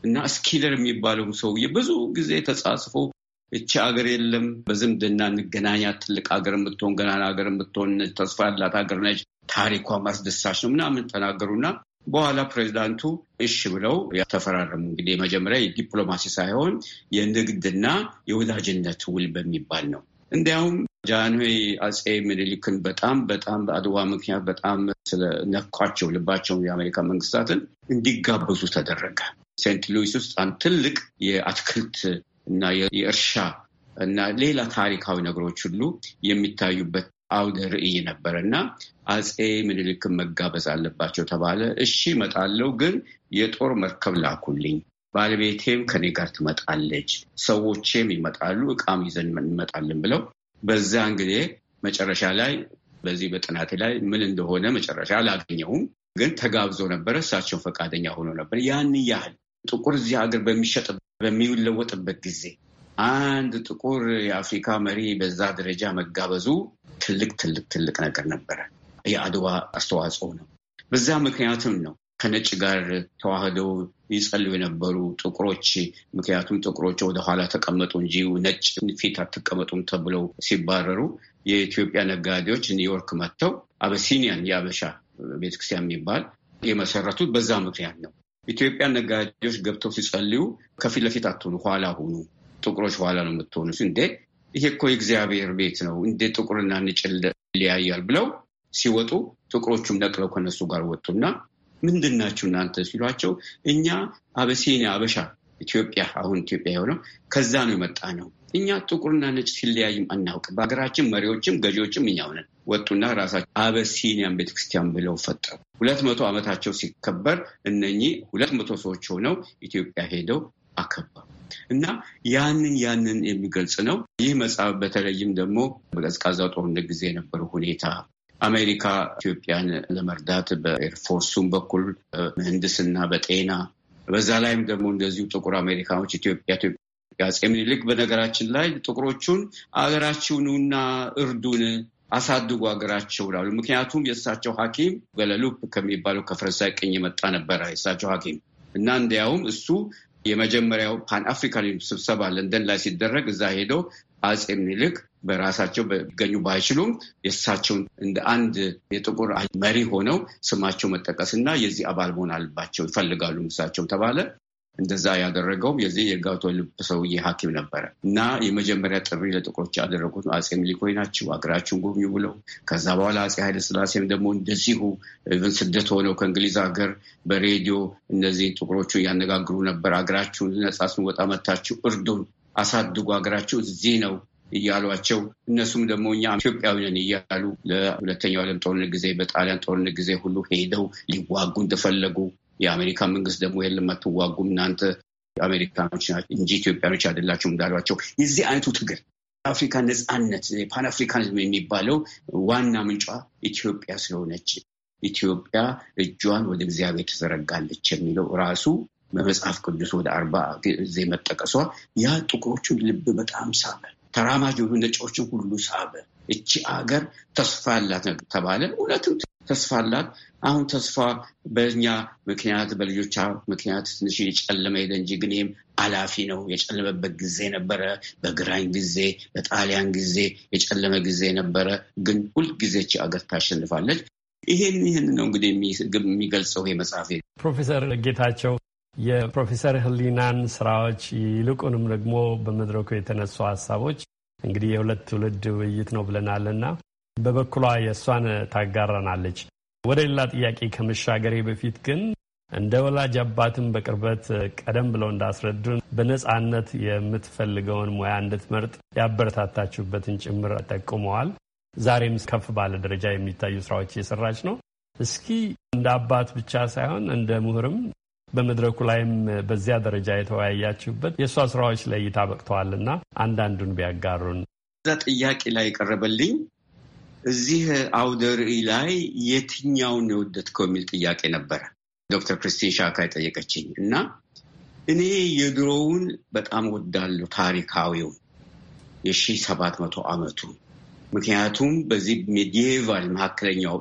እና ስኪለር የሚባለው ሰውዬ ብዙ ጊዜ ተጻጽፎ እቺ አገር የለም በዝምድና እንገናኛ ትልቅ አገር የምትሆን ገናና አገር የምትሆን ተስፋ ያላት አገር ነች፣ ታሪኳ ማስደሳች ነው ምናምን ተናገሩና በኋላ ፕሬዚዳንቱ እሺ ብለው ተፈራረሙ። እንግዲህ የመጀመሪያ የዲፕሎማሲ ሳይሆን የንግድና የወዳጅነት ውል በሚባል ነው። እንዲያውም ጃንሆይ አጼ ምኒልክን በጣም በጣም በአድዋ ምክንያት በጣም ስለነኳቸው ልባቸውን የአሜሪካ መንግስታትን እንዲጋበዙ ተደረገ። ሴንት ሉዊስ ውስጥ አንድ ትልቅ የአትክልት እና የእርሻ እና ሌላ ታሪካዊ ነገሮች ሁሉ የሚታዩበት አውደ ርዕይ ነበረ እና አጼ ምኒልክን መጋበዝ አለባቸው ተባለ። እሺ እመጣለሁ፣ ግን የጦር መርከብ ላኩልኝ። ባለቤቴም ከኔ ጋር ትመጣለች፣ ሰዎቼም ይመጣሉ፣ እቃም ይዘን እንመጣለን ብለው በዛን ጊዜ መጨረሻ ላይ በዚህ በጥናቴ ላይ ምን እንደሆነ መጨረሻ አላገኘውም። ግን ተጋብዞ ነበረ። እሳቸው ፈቃደኛ ሆኖ ነበር። ያን ያህል ጥቁር እዚህ ሀገር በሚሸጥ በሚለወጥበት ጊዜ አንድ ጥቁር የአፍሪካ መሪ በዛ ደረጃ መጋበዙ ትልቅ ትልቅ ትልቅ ነገር ነበረ። የአድዋ አስተዋጽኦ ነው። በዛ ምክንያትም ነው ከነጭ ጋር ተዋህደው ይጸልዩ የነበሩ ጥቁሮች፣ ምክንያቱም ጥቁሮች ወደኋላ ተቀመጡ እንጂ ነጭ ፊት አትቀመጡም ተብለው ሲባረሩ የኢትዮጵያ ነጋዴዎች ኒውዮርክ መጥተው አበሲኒያን የአበሻ ቤተክርስቲያን የሚባል የመሰረቱት በዛ ምክንያት ነው። ኢትዮጵያ ነጋዴዎች ገብተው ሲጸልዩ ከፊት ለፊት አትሆኑ፣ ኋላ ሁኑ፣ ጥቁሮች ኋላ ነው የምትሆኑ። እንዴ ይሄ እኮ የእግዚአብሔር ቤት ነው፣ እንዴ ጥቁርና ነጭ ሊያያል ብለው ሲወጡ ጥቁሮቹም ነቅለው ከነሱ ጋር ወጡና ምንድን ናችሁ እናንተ ሲሏቸው እኛ አበሴኒያ አበሻ ኢትዮጵያ አሁን ኢትዮጵያ የሆነው ከዛ ነው የመጣ ነው። እኛ ጥቁርና ነጭ ሲለያይም አናውቅም። በሀገራችን መሪዎችም ገዢዎችም እኛ ነን። ወጡና ራሳቸው አበሲኒያን ቤተክርስቲያን ብለው ፈጠሩ። ሁለት መቶ ዓመታቸው ሲከበር እነኚህ ሁለት መቶ ሰዎች ሆነው ኢትዮጵያ ሄደው አከበሩ እና ያንን ያንን የሚገልጽ ነው ይህ መጽሐፍ። በተለይም ደግሞ በቀዝቃዛ ጦርነት ጊዜ የነበረው ሁኔታ አሜሪካ ኢትዮጵያን ለመርዳት በኤርፎርሱም በኩል ምህንድስና፣ በጤና በዛ ላይም ደግሞ እንደዚሁ ጥቁር አሜሪካኖች ኢትዮጵያ ኢትዮጵያ አፄ ምኒልክ በነገራችን ላይ ጥቁሮቹን አገራችሁኑና እርዱን አሳድጉ ሀገራቸው ላሉ። ምክንያቱም የእሳቸው ሐኪም ገለሉፕ ከሚባለው ከፈረንሳይ ቅኝ የመጣ ነበረ የእሳቸው ሐኪም እና እንዲያውም እሱ የመጀመሪያው ፓን አፍሪካን ስብሰባ ለንደን ላይ ሲደረግ እዛ ሄደው አጼ ምኒልክ በራሳቸው ሊገኙ ባይችሉም የእሳቸውን እንደ አንድ የጥቁር መሪ ሆነው ስማቸው መጠቀስ እና የዚህ አባል መሆን አለባቸው ይፈልጋሉ እሳቸው ተባለ። እንደዛ ያደረገውም የዚህ የጋቶ ልብ ሰውዬ ሐኪም ነበረ እና የመጀመሪያ ጥሪ ለጥቁሮች ያደረጉት አጼ ምኒልክ ሆይ ናቸው፣ ሀገራችን ጎብኙ ብለው ከዛ በኋላ አጼ ስላሴም ደግሞ እንደዚሁ ብን ስደት ሆነው ከእንግሊዝ ሀገር በሬዲዮ እነዚህ ጥቁሮቹ ያነጋግሩ ነበር። ሀገራችሁን ነጻ ስንወጣ መታችሁ እርዱን አሳድጉ ሀገራችሁ እዚህ ነው እያሏቸው እነሱም ደግሞ እኛ ኢትዮጵያዊ ነን እያሉ ለሁለተኛው ዓለም ጦርነት ጊዜ በጣሊያን ጦርነት ጊዜ ሁሉ ሄደው ሊዋጉ እንደፈለጉ የአሜሪካ መንግስት ደግሞ የለም አትዋጉም እናንተ አሜሪካኖች እንጂ ኢትዮጵያኖች አይደላቸውም እንዳሏቸው የዚህ አይነቱ ትግል አፍሪካ ነፃነት ፓን አፍሪካኒዝም የሚባለው ዋና ምንጫ ኢትዮጵያ ስለሆነች ኢትዮጵያ እጇን ወደ እግዚአብሔር ትዘረጋለች የሚለው ራሱ በመጽሐፍ ቅዱስ ወደ አርባ ጊዜ መጠቀሷ ያ ጥቁሮቹን ልብ በጣም ሳበ። ተራማጅ የሆኑ ነጫዎችን ሁሉ ሳበ። እቺ አገር ተስፋ አላት ተባለ። እውነትም ተስፋ አላት። አሁን ተስፋ በኛ ምክንያት በልጆቿ ምክንያት ትንሽ የጨለመ ሄደ እንጂ ግን ይህም አላፊ ነው። የጨለመበት ጊዜ ነበረ። በግራኝ ጊዜ፣ በጣሊያን ጊዜ የጨለመ ጊዜ ነበረ። ግን ሁልጊዜ እቺ አገር ታሸንፋለች። ይሄን ይህን ነው እንግዲህ የሚገልጸው የመጽሐፍ ፕሮፌሰር ጌታቸው የፕሮፌሰር ህሊናን ስራዎች ይልቁንም ደግሞ በመድረኩ የተነሱ ሀሳቦች እንግዲህ የሁለት ትውልድ ውይይት ነው ብለናልና በበኩሏ የእሷን ታጋራናለች። ወደ ሌላ ጥያቄ ከመሻገሬ በፊት ግን እንደ ወላጅ አባትም በቅርበት ቀደም ብለው እንዳስረዱን በነፃነት የምትፈልገውን ሙያ እንድትመርጥ ያበረታታችሁበትን ጭምር ጠቁመዋል። ዛሬም ከፍ ባለ ደረጃ የሚታዩ ስራዎች እየሰራች ነው። እስኪ እንደ አባት ብቻ ሳይሆን እንደ ምሁርም በመድረኩ ላይም በዚያ ደረጃ የተወያያችሁበት የእሷ ስራዎች ለእይታ በቅተዋልና አንዳንዱን ቢያጋሩን። እዛ ጥያቄ ላይ ቀረበልኝ እዚህ አውደ ርዕይ ላይ የትኛውን የወደድከው የሚል ጥያቄ ነበረ። ዶክተር ክርስቲን ሻካ የጠየቀችኝ እና እኔ የድሮውን በጣም ወዳለሁ ታሪካዊውን የሺህ ሰባት መቶ ዓመቱ ምክንያቱም በዚህ ሜዲቫል መካከለኛው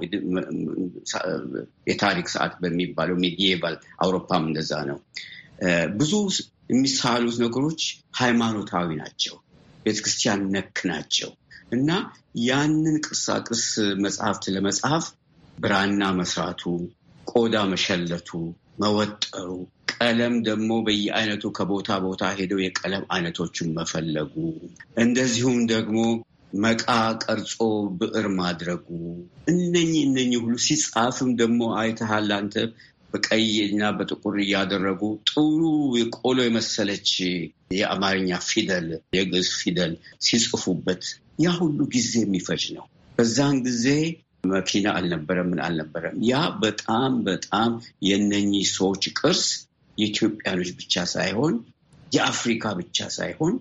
የታሪክ ሰዓት በሚባለው ሜዲቫል አውሮፓም እንደዛ ነው። ብዙ የሚሳሉት ነገሮች ሃይማኖታዊ ናቸው፣ ቤተክርስቲያን ነክ ናቸው እና ያንን ቅርሳቅርስ መጽሐፍት ለመጽሐፍ ብራና መስራቱ፣ ቆዳ መሸለቱ፣ መወጠሩ ቀለም ደግሞ በየአይነቱ ከቦታ ቦታ ሄደው የቀለም አይነቶችን መፈለጉ እንደዚሁም ደግሞ መቃ ቀርጾ ብዕር ማድረጉ እነኚህ እነኚህ ሁሉ ሲጻፍም ደግሞ አይተሃል አንተ በቀይ እና በጥቁር እያደረጉ ጥሩ የቆሎ የመሰለች የአማርኛ ፊደል የግዕዝ ፊደል ሲጽፉበት ያ ሁሉ ጊዜ የሚፈጅ ነው። በዛን ጊዜ መኪና አልነበረም፣ ምን አልነበረም። ያ በጣም በጣም የነኚህ ሰዎች ቅርስ የኢትዮጵያኖች ብቻ ሳይሆን የአፍሪካ ብቻ ሳይሆን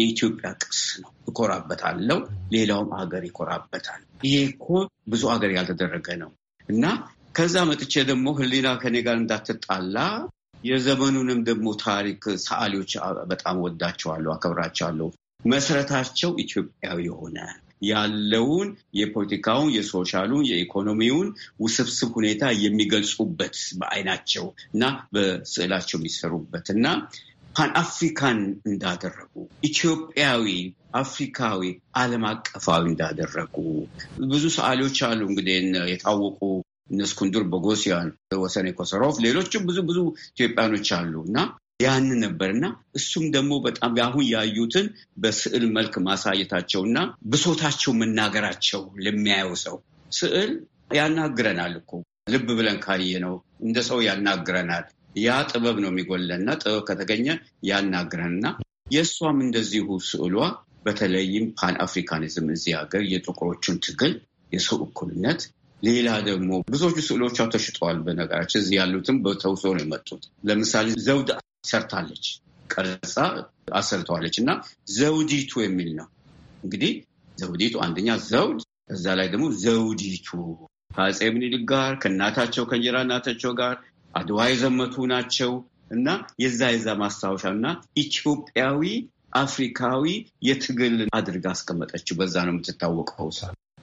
የኢትዮጵያ ቅርስ ነው። እኮራበታለሁ፣ ሌላውም ሀገር ይኮራበታል። ይሄ እኮ ብዙ ሀገር ያልተደረገ ነው እና ከዛ መጥቼ ደግሞ ህሊና ከኔ ጋር እንዳትጣላ የዘመኑንም ደግሞ ታሪክ ሰዓሊዎች በጣም ወዳቸዋለሁ፣ አከብራቸዋለሁ። መሰረታቸው ኢትዮጵያዊ የሆነ ያለውን የፖለቲካውን፣ የሶሻሉን፣ የኢኮኖሚውን ውስብስብ ሁኔታ የሚገልጹበት በአይናቸው እና በስዕላቸው የሚሰሩበት እና ፓን አፍሪካን እንዳደረጉ ኢትዮጵያዊ አፍሪካዊ ዓለም አቀፋዊ እንዳደረጉ ብዙ ሰዓሊዎች አሉ። እንግዲህ የታወቁ እነ እስክንድር ወሰኔ ኮሰሮፍ፣ ሌሎችም ብዙ ብዙ ኢትዮጵያኖች አሉ እና ያን ነበር እና እሱም ደግሞ በጣም አሁን ያዩትን በስዕል መልክ ማሳየታቸው እና ብሶታቸው መናገራቸው ለሚያየው ሰው ስዕል ያናግረናል እኮ ልብ ብለን ካየ ነው እንደ ሰው ያናግረናል። ያ ጥበብ ነው የሚጎለና ጥበብ ከተገኘ ያናግረንና የእሷም እንደዚሁ ስዕሏ በተለይም ፓን አፍሪካኒዝም እዚህ ሀገር የጥቁሮቹን ትግል፣ የሰው እኩልነት ሌላ ደግሞ ብዙዎቹ ስዕሎቿ ተሽጠዋል። በነገራችን እዚህ ያሉትም በተውሶ ነው የመጡት። ለምሳሌ ዘውድ ሰርታለች፣ ቀርጻ አሰርተዋለች እና ዘውዲቱ የሚል ነው እንግዲህ ዘውዲቱ አንደኛ ዘውድ፣ እዛ ላይ ደግሞ ዘውዲቱ ከአፄ ምኒልክ ጋር ከእናታቸው ከእንጀራ እናታቸው ጋር አድዋ የዘመቱ ናቸው እና የዛ የዛ ማስታወሻ እና ኢትዮጵያዊ አፍሪካዊ የትግል አድርጋ አስቀመጠችው። በዛ ነው የምትታወቀው።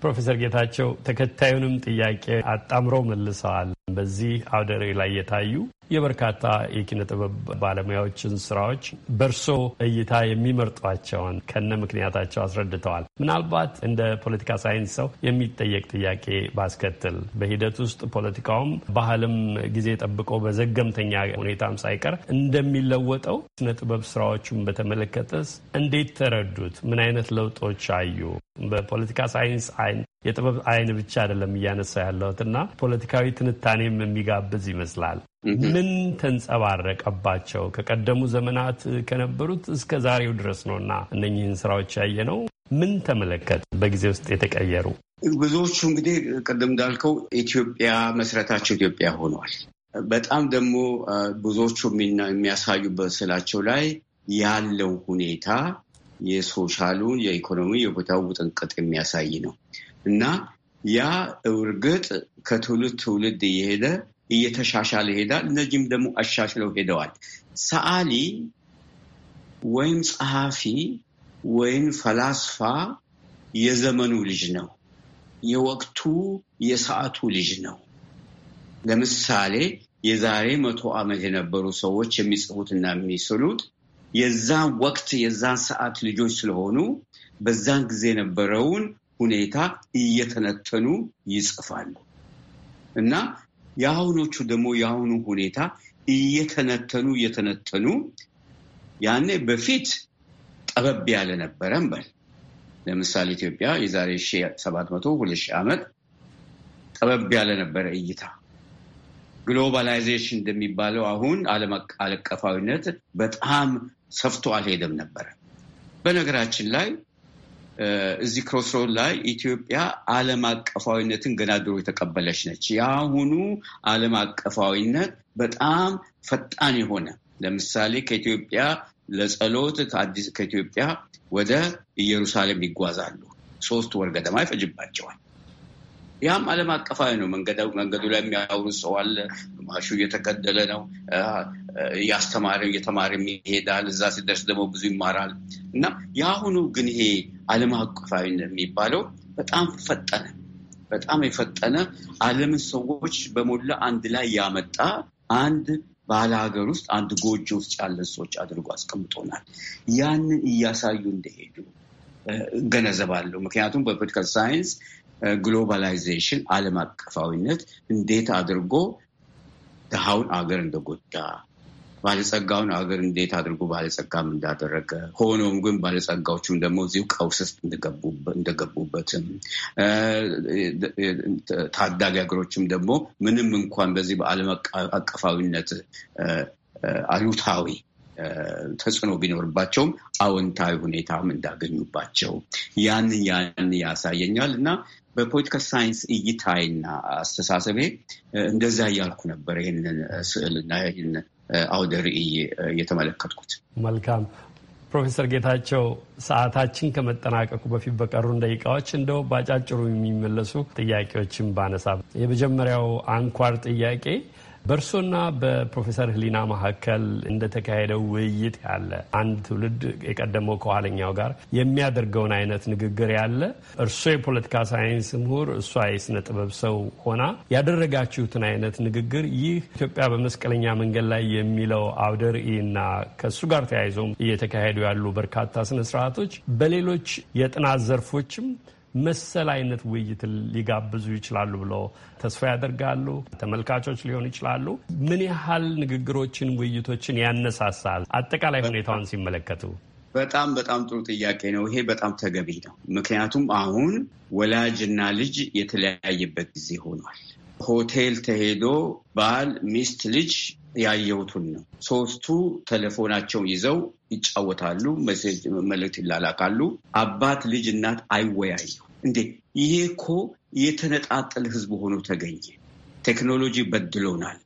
ፕሮፌሰር ጌታቸው ተከታዩንም ጥያቄ አጣምረው መልሰዋል። በዚህ አውደ ርዕይ ላይ የታዩ የበርካታ የኪነ ጥበብ ባለሙያዎችን ስራዎች በእርሶ እይታ የሚመርጧቸውን ከነ ምክንያታቸው አስረድተዋል። ምናልባት እንደ ፖለቲካ ሳይንስ ሰው የሚጠየቅ ጥያቄ ባስከትል በሂደት ውስጥ ፖለቲካውም ባህልም ጊዜ ጠብቆ በዘገምተኛ ሁኔታም ሳይቀር እንደሚለወጠው ስነ ጥበብ ስራዎቹን በተመለከተስ እንዴት ተረዱት? ምን አይነት ለውጦች አዩ? በፖለቲካ ሳይንስ አይን የጥበብ አይን ብቻ አይደለም እያነሳ ያለሁት እና ፖለቲካዊ ትንታኔም የሚጋብዝ ይመስላል። ምን ተንጸባረቀባቸው? ከቀደሙ ዘመናት ከነበሩት እስከ ዛሬው ድረስ ነው እና እነኚህን ስራዎች ያየ ነው። ምን ተመለከት? በጊዜ ውስጥ የተቀየሩ ብዙዎቹ እንግዲህ ቅድም እንዳልከው ኢትዮጵያ መሰረታቸው ኢትዮጵያ ሆኗል። በጣም ደግሞ ብዙዎቹ የሚያሳዩበት ስላቸው ላይ ያለው ሁኔታ የሶሻሉን የኢኮኖሚ የቦታው ውጥንቅጥ የሚያሳይ ነው። እና ያ እርግጥ ከትውልድ ትውልድ እየሄደ እየተሻሻለ ይሄዳል። እነዚህም ደግሞ አሻሽለው ሄደዋል። ሰዓሊ ወይም ጸሐፊ ወይም ፈላስፋ የዘመኑ ልጅ ነው። የወቅቱ የሰዓቱ ልጅ ነው። ለምሳሌ የዛሬ መቶ ዓመት የነበሩ ሰዎች የሚጽፉትና የሚስሉት የዛን ወቅት የዛን ሰዓት ልጆች ስለሆኑ በዛን ጊዜ የነበረውን ሁኔታ እየተነተኑ ይጽፋሉ እና የአሁኖቹ ደግሞ የአሁኑ ሁኔታ እየተነተኑ እየተነተኑ ያኔ በፊት ጠበብ ያለ ነበረ በል ለምሳሌ ኢትዮጵያ የዛሬ ሁለት ሺ ዓመት ጠበብ ያለ ነበረ እይታ። ግሎባላይዜሽን እንደሚባለው አሁን ዓለም አቀፋዊነት በጣም ሰፍቶ አልሄደም ነበረ። በነገራችን ላይ እዚህ ክሮስሮድ ላይ ኢትዮጵያ ዓለም አቀፋዊነትን ገና ድሮ የተቀበለች ነች። የአሁኑ ዓለም አቀፋዊነት በጣም ፈጣን የሆነ ለምሳሌ ከኢትዮጵያ ለጸሎት አዲስ ከኢትዮጵያ ወደ ኢየሩሳሌም ይጓዛሉ። ሶስት ወር ገደማ ይፈጅባቸዋል። ያም ዓለም አቀፋዊ ነው። መንገዱ ላይ የሚያወሩት ሰው አለ። ግማሹ እየተገደለ ነው፣ እያስተማረ እየተማረ ይሄዳል። እዛ ሲደርስ ደግሞ ብዙ ይማራል እና የአሁኑ ግን ይሄ ዓለም አቀፋዊ የሚባለው በጣም ፈጠነ በጣም የፈጠነ ዓለምን ሰዎች በሞላ አንድ ላይ ያመጣ አንድ ባለ ሀገር ውስጥ አንድ ጎጆ ውስጥ ያለን ሰዎች አድርጎ አስቀምጦናል። ያንን እያሳዩ እንደሄዱ እገነዘባለሁ። ምክንያቱም በፖለቲካል ሳይንስ ግሎባላይዜሽን ዓለም አቀፋዊነት እንዴት አድርጎ ድሃውን አገር እንደጎዳ ባለጸጋውን ሀገር እንዴት አድርጎ ባለጸጋም እንዳደረገ ሆኖም ግን ባለጸጋዎችም ደግሞ እዚሁ ቀውስ ውስጥ እንደገቡበትም ታዳጊ ሀገሮችም ደግሞ ምንም እንኳን በዚህ በዓለም አቀፋዊነት አሉታዊ ተጽዕኖ ቢኖርባቸውም አዎንታዊ ሁኔታም እንዳገኙባቸው ያን ያን ያሳየኛል እና በፖለቲካ ሳይንስ እይታይና አስተሳሰቤ እንደዛ እያልኩ ነበር ይህንን ስዕልና ይህን አውደ ርዕይ የተመለከትኩት። መልካም ፕሮፌሰር ጌታቸው ሰዓታችን ከመጠናቀቁ በፊት በቀሩን ደቂቃዎች እንደው ባጫጭሩ የሚመለሱ ጥያቄዎችን ባነሳ የመጀመሪያው አንኳር ጥያቄ በእርሶና በፕሮፌሰር ህሊና መካከል እንደተካሄደው ውይይት ያለ አንድ ትውልድ የቀደመው ከኋለኛው ጋር የሚያደርገውን አይነት ንግግር ያለ እርሶ የፖለቲካ ሳይንስ ምሁር፣ እሷ የስነ ጥበብ ሰው ሆና ያደረጋችሁትን አይነት ንግግር ይህ ኢትዮጵያ በመስቀለኛ መንገድ ላይ የሚለው አውደ እና ከእሱ ጋር ተያይዞም እየተካሄዱ ያሉ በርካታ ስነ ስርዓቶች በሌሎች የጥናት ዘርፎችም መሰል አይነት ውይይት ሊጋብዙ ይችላሉ ብለው ተስፋ ያደርጋሉ? ተመልካቾች ሊሆኑ ይችላሉ። ምን ያህል ንግግሮችን፣ ውይይቶችን ያነሳሳል? አጠቃላይ ሁኔታውን ሲመለከቱ። በጣም በጣም ጥሩ ጥያቄ ነው። ይሄ በጣም ተገቢ ነው። ምክንያቱም አሁን ወላጅና ልጅ የተለያየበት ጊዜ ሆኗል። ሆቴል ተሄዶ ባል ሚስት ልጅ ያየሁትን ነው። ሶስቱ ቴሌፎናቸው ይዘው ይጫወታሉ፣ መልእክት ይላላካሉ። አባት፣ ልጅ፣ እናት አይወያየው እንዴ! ይሄ እኮ የተነጣጠል ህዝብ ሆኖ ተገኘ። ቴክኖሎጂ በድሎናል።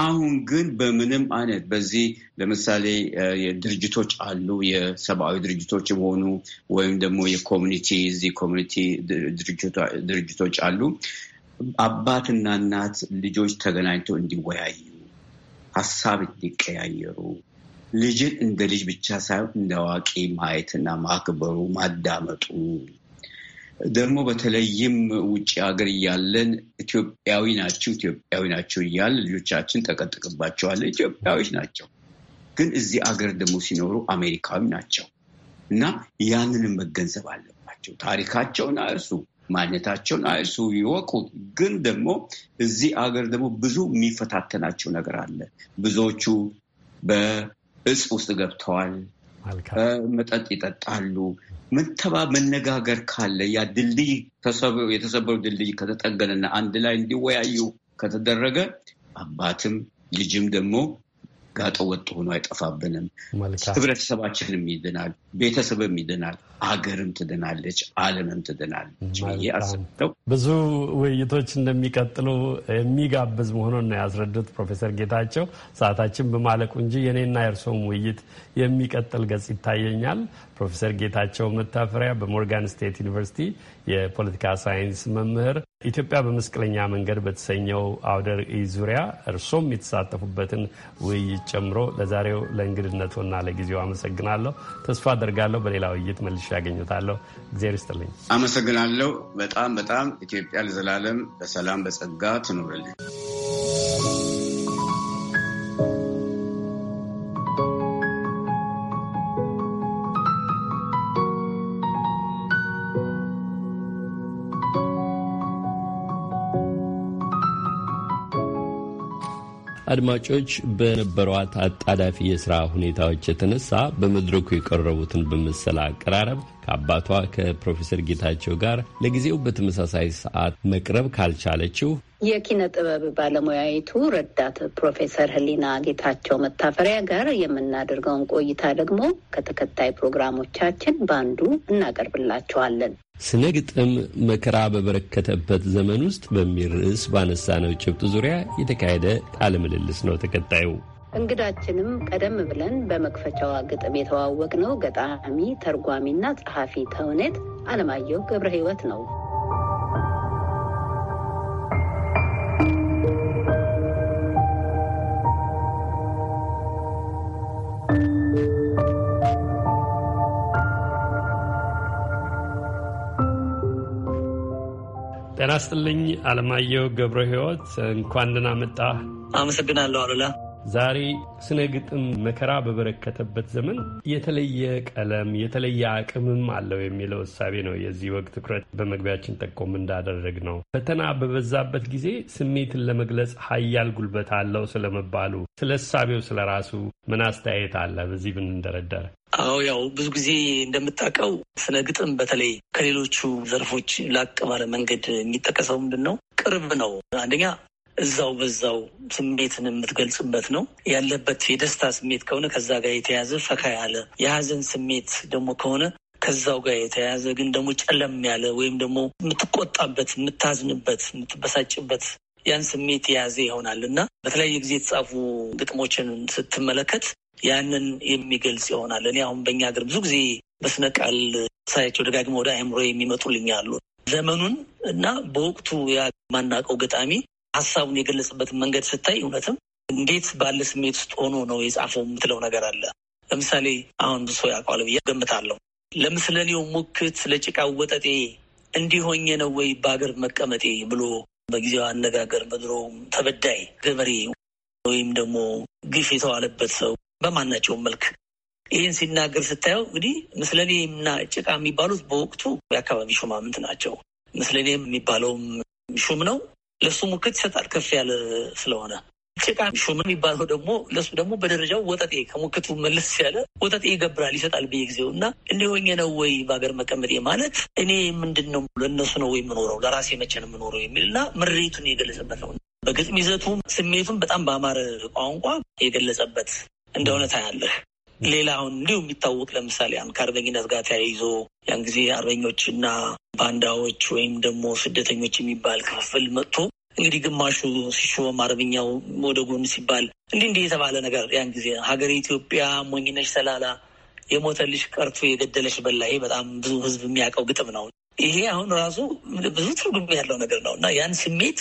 አሁን ግን በምንም አይነት በዚህ ለምሳሌ ድርጅቶች አሉ፣ የሰብአዊ ድርጅቶች የሆኑ ወይም ደግሞ የኮሚኒቲ እዚህ ኮሚኒቲ ድርጅቶች አሉ። አባትና እናት ልጆች ተገናኝተው እንዲወያዩ ሀሳብ እንዲቀያየሩ ልጅን እንደ ልጅ ብቻ ሳይሆን እንደ አዋቂ ማየትና ማክበሩ ማዳመጡ ደግሞ በተለይም ውጭ ሀገር እያለን ኢትዮጵያዊ ናቸው ኢትዮጵያዊ ናቸው እያለ ልጆቻችን ጠቀጥቅባቸዋለን። ኢትዮጵያዊዎች ናቸው፣ ግን እዚህ አገር ደግሞ ሲኖሩ አሜሪካዊ ናቸው እና ያንንም መገንዘብ አለባቸው። ታሪካቸውን አይርሱ፣ ማግኘታቸውን እሱ ይወቁ። ግን ደግሞ እዚህ አገር ደግሞ ብዙ የሚፈታተናቸው ነገር አለ። ብዙዎቹ በእጽ ውስጥ ገብተዋል። መጠጥ ይጠጣሉ። ምንተባ መነጋገር ካለ ያ ድልድይ የተሰበሩ ድልድይ ከተጠገነና አንድ ላይ እንዲወያዩ ከተደረገ አባትም ልጅም ደግሞ ጋጠ ወጥ ሆኖ አይጠፋብንም። ህብረተሰባችንም ይድናል፣ ቤተሰብም ይድናል። አገርም ትድናለች፣ ዓለምም ትድናለች ብዬ አስብተው ብዙ ውይይቶች እንደሚቀጥሉ የሚጋብዝ መሆኑን ነው ያስረዱት ፕሮፌሰር ጌታቸው። ሰዓታችን በማለቁ እንጂ የኔና የእርሶም ውይይት የሚቀጥል ገጽ ይታየኛል። ፕሮፌሰር ጌታቸው መታፈሪያ በሞርጋን ስቴት ዩኒቨርሲቲ የፖለቲካ ሳይንስ መምህር፣ ኢትዮጵያ በመስቀለኛ መንገድ በተሰኘው አውደ ርዕይ ዙሪያ እርሶም የተሳተፉበትን ውይይት ጨምሮ ለዛሬው ለእንግድነቱና ለጊዜው አመሰግናለሁ። ተስፋ አደርጋለሁ በሌላ ውይይት መልሼ ያገኘታለሁ። እግዚአብሔር ይስጥልኝ። አመሰግናለሁ። በጣም በጣም ኢትዮጵያ ለዘላለም በሰላም በጸጋ ትኑርልኝ። አድማጮች በነበሯት አጣዳፊ የስራ ሁኔታዎች የተነሳ በመድረኩ የቀረቡትን በመሰለ አቀራረብ ከአባቷ ከፕሮፌሰር ጌታቸው ጋር ለጊዜው በተመሳሳይ ሰዓት መቅረብ ካልቻለችው የኪነ ጥበብ ባለሙያዊቱ ረዳት ፕሮፌሰር ህሊና ጌታቸው መታፈሪያ ጋር የምናደርገውን ቆይታ ደግሞ ከተከታይ ፕሮግራሞቻችን በአንዱ እናቀርብላችኋለን። ስነ ግጥም መከራ በበረከተበት ዘመን ውስጥ በሚል ርዕስ ባነሳነው ጭብጥ ዙሪያ የተካሄደ ቃለ ምልልስ ነው ተከታዩ። እንግዳችንም ቀደም ብለን በመክፈቻዋ ግጥም የተዋወቅነው ገጣሚ ተርጓሚና ጸሐፊ ተውኔት አለማየሁ ገብረ ህይወት ነው። ጤና ስጥልኝ አለማየሁ ገብረ ህይወት እንኳን ደህና መጣ አመሰግናለሁ አሉላ። ዛሬ ስነ ግጥም መከራ በበረከተበት ዘመን የተለየ ቀለም የተለየ አቅምም አለው የሚለው እሳቤ ነው የዚህ ወቅት ትኩረት። በመግቢያችን ጠቆም እንዳደረግ ነው ፈተና በበዛበት ጊዜ ስሜትን ለመግለጽ ሀያል ጉልበት አለው ስለመባሉ፣ ስለ እሳቤው፣ ስለ ራሱ ምን አስተያየት አለ? በዚህ ብንደረደር አዎ ያው ብዙ ጊዜ እንደምታውቀው ስነ ግጥም በተለይ ከሌሎቹ ዘርፎች ላቅ ባለ መንገድ የሚጠቀሰው ምንድን ነው? ቅርብ ነው። አንደኛ እዛው በዛው ስሜትን የምትገልጽበት ነው። ያለበት የደስታ ስሜት ከሆነ ከዛ ጋር የተያዘ ፈካ ያለ፣ የሀዘን ስሜት ደግሞ ከሆነ ከዛው ጋር የተያያዘ ግን ደግሞ ጨለም ያለ ወይም ደግሞ የምትቆጣበት፣ የምታዝንበት፣ የምትበሳጭበት ያን ስሜት የያዘ ይሆናል እና በተለያየ ጊዜ የተጻፉ ግጥሞችን ስትመለከት ያንን የሚገልጽ ይሆናል። እኔ አሁን በእኛ ሀገር ብዙ ጊዜ በስነ ቃል ሳያቸው ደጋግመ ወደ አእምሮ የሚመጡልኝ አሉ። ዘመኑን እና በወቅቱ ያ ገጣሚ ሀሳቡን የገለጽበትን መንገድ ስታይ እውነትም እንዴት ባለ ስሜት ውስጥ ሆኖ ነው የጻፈው የምትለው ነገር አለ። ለምሳሌ አሁን ብሶ ያውቀዋል ብዬ ገምታለሁ። ለምስለኔው ሙክት ለጭቃ ወጠጤ እንዲሆኜ ነው ወይ በሀገር መቀመጤ ብሎ በጊዜው አነጋገር በድሮ ተበዳይ ገበሬ ወይም ደግሞ ግፍ የተዋለበት ሰው በማናቸውም መልክ ይህን ሲናገር ስታየው እንግዲህ ምስለኔና ጭቃ የሚባሉት በወቅቱ የአካባቢ ሹማምንት ናቸው። ምስለኔ የሚባለውም ሹም ነው። ለሱ ሙክት ይሰጣል ከፍ ያለ ስለሆነ። ጭቃ ሹም የሚባለው ደግሞ ለሱ ደግሞ በደረጃው ወጠጤ ከሙክቱ መለስ ያለ ወጠጤ ይገብራል ይሰጣል ብዬ ጊዜው እና እንዲሆኝ ነው ወይ በሀገር መቀመጤ ማለት እኔ ምንድን ነው ለእነሱ ነው ወይ የምኖረው ለራሴ መቼ ነው የምኖረው የሚልና ምሬቱን የገለጸበት ነው። በግጥም ይዘቱም ስሜቱን በጣም በአማረ ቋንቋ የገለጸበት እንደ ታያለህ ሌላ አሁን እንዲሁ የሚታወቅ ለምሳሌ ከአርበኝነት ጋር ተያይዞ ያን ጊዜ አርበኞችና ባንዳዎች ወይም ደግሞ ስደተኞች የሚባል ክፍፍል መጥቶ እንግዲህ ግማሹ ሲሾም አርበኛው ወደ ጎን ሲባል እንዲህ እንዲህ የተባለ ነገር ያን ጊዜ ሀገር ኢትዮጵያ ሞኝነሽ ሰላላ የሞተልሽ ቀርቶ የገደለሽ በላ። በጣም ብዙ ህዝብ የሚያውቀው ግጥም ነው። ይሄ አሁን ራሱ ብዙ ትርጉም ያለው ነገር ነው እና ያን ስሜት